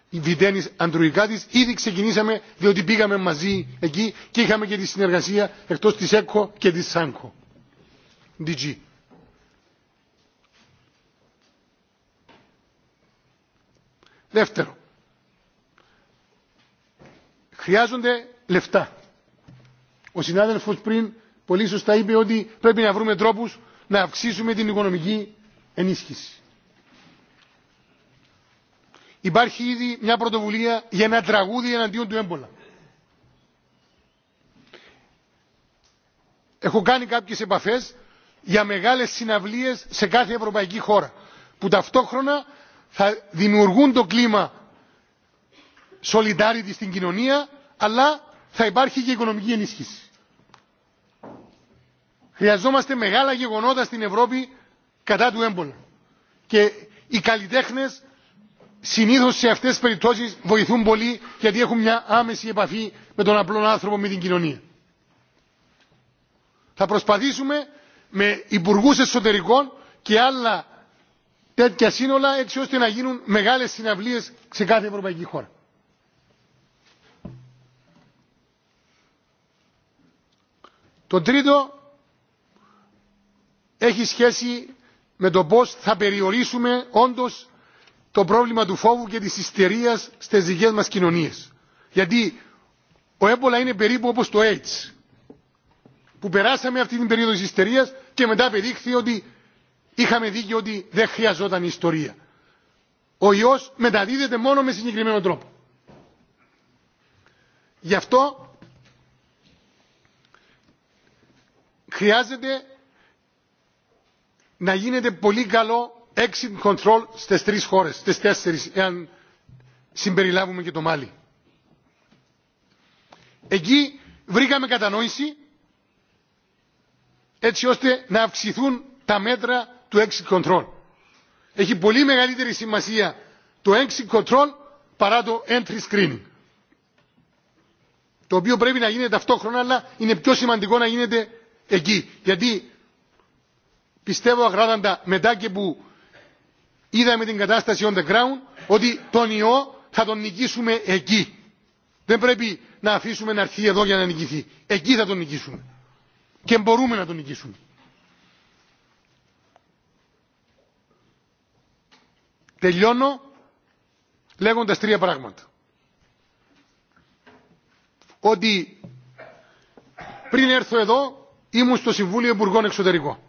Βιτένης Αντρουϊκάτης. Ήδη ξεκινήσαμε διότι πήγαμε μαζί εκεί και είχαμε και τη συνεργασία εκτός της ΕΚΟ και της ΣΑΝΚΟ. DG. Δεύτερο. Χρειάζονται λεφτά ο συνάδελφο πριν πολύ σωστά είπε ότι πρέπει να βρούμε τρόπου να αυξήσουμε την οικονομική ενίσχυση. Υπάρχει ήδη μια πρωτοβουλία για ένα τραγούδι εναντίον του έμπολα. Έχω κάνει κάποιες επαφές για μεγάλες συναυλίες σε κάθε ευρωπαϊκή χώρα που ταυτόχρονα θα δημιουργούν το κλίμα solidarity στην κοινωνία αλλά θα υπάρχει και οικονομική ενίσχυση. Χρειαζόμαστε μεγάλα γεγονότα στην Ευρώπη κατά του έμπολα. Και οι καλλιτέχνε συνήθω σε αυτέ τι περιπτώσει βοηθούν πολύ γιατί έχουν μια άμεση επαφή με τον απλό άνθρωπο, με την κοινωνία. Θα προσπαθήσουμε με υπουργού εσωτερικών και άλλα τέτοια σύνολα έτσι ώστε να γίνουν μεγάλες συναυλίες σε κάθε ευρωπαϊκή χώρα. Το τρίτο έχει σχέση με το πώς θα περιορίσουμε όντως το πρόβλημα του φόβου και της ιστερίας στις δικές μας κοινωνίες. Γιατί ο έμπολα είναι περίπου όπως το AIDS που περάσαμε αυτή την περίοδο της ιστερίας και μετά απεδείχθη ότι είχαμε δίκιο ότι δεν χρειαζόταν ιστορία. Ο ιός μεταδίδεται μόνο με συγκεκριμένο τρόπο. Γι' αυτό χρειάζεται να γίνεται πολύ καλό exit control στις τρεις χώρες, στις τέσσερις, εάν συμπεριλάβουμε και το Μάλι. Εκεί βρήκαμε κατανόηση έτσι ώστε να αυξηθούν τα μέτρα του exit control. Έχει πολύ μεγαλύτερη σημασία το exit control παρά το entry screening. Το οποίο πρέπει να γίνεται ταυτόχρονα, αλλά είναι πιο σημαντικό να γίνεται εκεί. Γιατί πιστεύω αγράδαντα μετά και που είδαμε την κατάσταση on the ground ότι τον ιό θα τον νικήσουμε εκεί. Δεν πρέπει να αφήσουμε να έρθει εδώ για να νικηθεί. Εκεί θα τον νικήσουμε. Και μπορούμε να τον νικήσουμε. Τελειώνω λέγοντας τρία πράγματα. Ότι πριν έρθω εδώ ήμουν στο Συμβούλιο Υπουργών Εξωτερικών.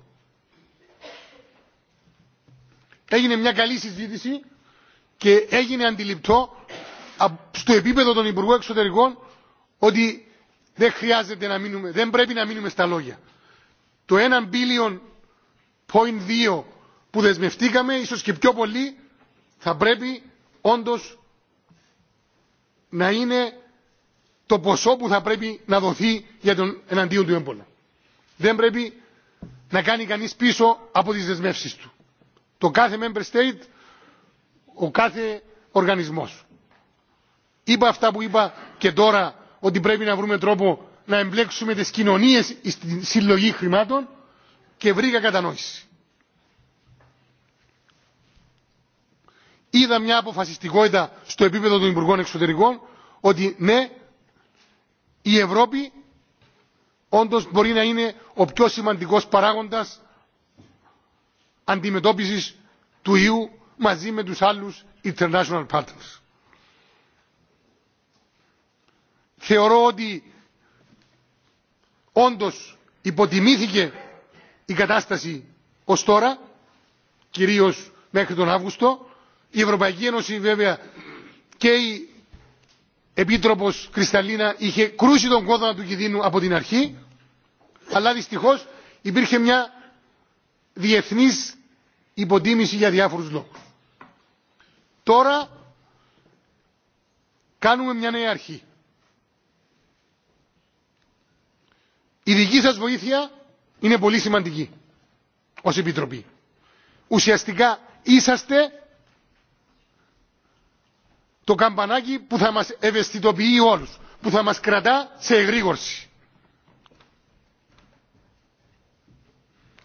Έγινε μια καλή συζήτηση και έγινε αντιληπτό στο επίπεδο των Υπουργών Εξωτερικών ότι δεν χρειάζεται να μείνουμε, δεν πρέπει να μείνουμε στα λόγια. Το 1 billion point 2 που δεσμευτήκαμε, ίσως και πιο πολύ, θα πρέπει όντως να είναι το ποσό που θα πρέπει να δοθεί για τον εναντίον του έμπολα. Δεν πρέπει να κάνει κανείς πίσω από τις δεσμεύσεις του το κάθε member state, ο κάθε οργανισμός. Είπα αυτά που είπα και τώρα ότι πρέπει να βρούμε τρόπο να εμπλέξουμε τις κοινωνίες στη συλλογή χρημάτων και βρήκα κατανόηση. Είδα μια αποφασιστικότητα στο επίπεδο των Υπουργών Εξωτερικών ότι ναι, η Ευρώπη όντως μπορεί να είναι ο πιο σημαντικός παράγοντας Αντιμετώπιση του ιού μαζί με τους άλλους international partners. Θεωρώ ότι όντως υποτιμήθηκε η κατάσταση ως τώρα, κυρίως μέχρι τον Αύγουστο. Η Ευρωπαϊκή Ένωση βέβαια και η Επίτροπος Κρυσταλίνα είχε κρούσει τον κόδωνα του κινδύνου από την αρχή, αλλά δυστυχώς υπήρχε μια διεθνής υποτίμηση για διάφορους λόγους. Τώρα κάνουμε μια νέα αρχή. Η δική σας βοήθεια είναι πολύ σημαντική ως Επιτροπή. Ουσιαστικά είσαστε το καμπανάκι που θα μας ευαισθητοποιεί όλους, που θα μας κρατά σε εγρήγορση.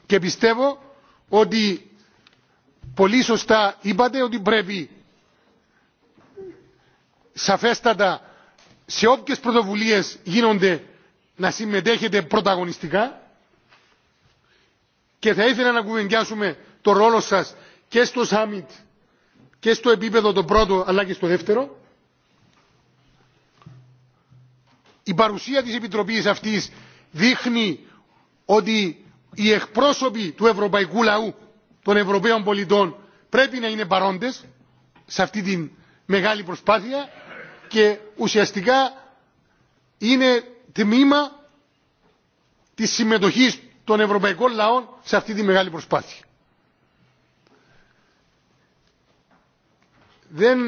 Και πιστεύω ότι πολύ σωστά είπατε ότι πρέπει σαφέστατα σε όποιες πρωτοβουλίες γίνονται να συμμετέχετε πρωταγωνιστικά και θα ήθελα να κουβεντιάσουμε το ρόλο σας και στο Σάμιτ και στο επίπεδο το πρώτο αλλά και στο δεύτερο. Η παρουσία της Επιτροπής αυτής δείχνει ότι οι εκπρόσωποι του ευρωπαϊκού λαού των Ευρωπαίων πολιτών πρέπει να είναι παρόντες σε αυτή τη μεγάλη προσπάθεια και ουσιαστικά είναι τμήμα της συμμετοχής των ευρωπαϊκών λαών σε αυτή τη μεγάλη προσπάθεια. Δεν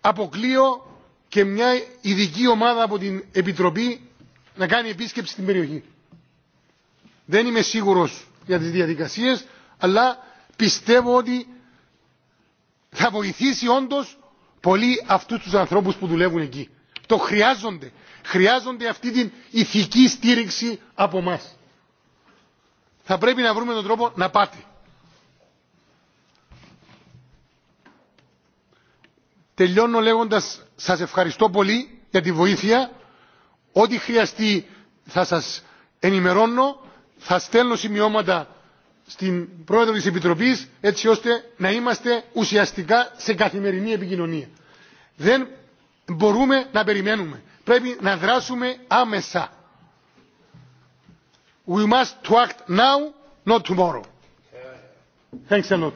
αποκλείω και μια ειδική ομάδα από την Επιτροπή να κάνει επίσκεψη στην περιοχή. Δεν είμαι σίγουρος για τις διαδικασίες, αλλά πιστεύω ότι θα βοηθήσει όντως πολύ αυτούς τους ανθρώπους που δουλεύουν εκεί. Το χρειάζονται. Χρειάζονται αυτή την ηθική στήριξη από εμά. Θα πρέπει να βρούμε τον τρόπο να πάτε. Τελειώνω λέγοντας σας ευχαριστώ πολύ για τη βοήθεια. Ό,τι χρειαστεί θα σας ενημερώνω. Θα στέλνω σημειώματα στην πρόεδρο της Επιτροπής έτσι ώστε να είμαστε ουσιαστικά σε καθημερινή επικοινωνία. Δεν μπορούμε να περιμένουμε. Πρέπει να δράσουμε άμεσα. We must to act now, not tomorrow. Thanks a lot.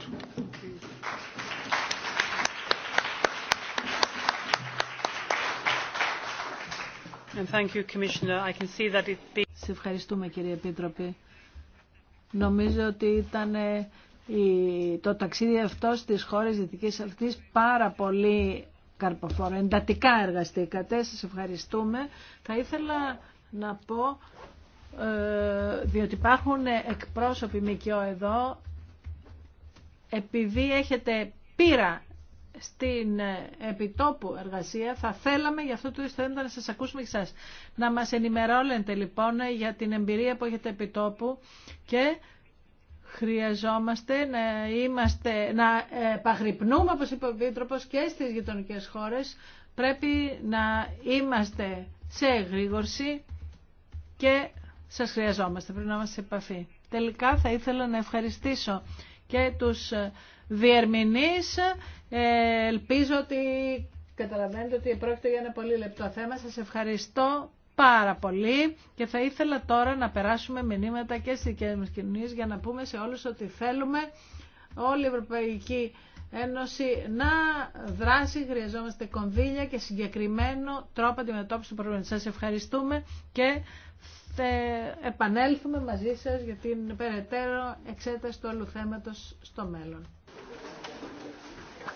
ευχαριστούμε κύριε Επίτροπε. Νομίζω ότι ήταν ε, το ταξίδι αυτό στις χώρες Δυτικής Αυτής πάρα πολύ καρποφόρο. Εντατικά εργαστήκατε, σας ευχαριστούμε. Θα ήθελα να πω, ε, διότι υπάρχουν εκπρόσωποι ΜΚΟ εδώ, επειδή έχετε πείρα στην ε, επιτόπου εργασία. Θα θέλαμε, για αυτό το ήθελα να σας ακούσουμε και να μας ενημερώνετε λοιπόν ε, για την εμπειρία που έχετε επιτόπου και χρειαζόμαστε να, είμαστε, να ε, παγρυπνούμε, όπως είπε ο Βίτροπος και στις γειτονικέ χώρες. Πρέπει να είμαστε σε εγρήγορση και σας χρειαζόμαστε, πρέπει να είμαστε σε επαφή. Τελικά θα ήθελα να ευχαριστήσω και τους διερμηνείς. Ε, ελπίζω ότι καταλαβαίνετε ότι πρόκειται για ένα πολύ λεπτό θέμα. Σας ευχαριστώ πάρα πολύ και θα ήθελα τώρα να περάσουμε μηνύματα και στις δικές κοινωνίες για να πούμε σε όλους ότι θέλουμε όλη η Ευρωπαϊκή Ένωση να δράσει, χρειαζόμαστε κονδύλια και συγκεκριμένο τρόπο αντιμετώπιση του προβλήματος. Σας ευχαριστούμε και θα επανέλθουμε μαζί σας για την περαιτέρω εξέταση του όλου θέματος στο μέλλον.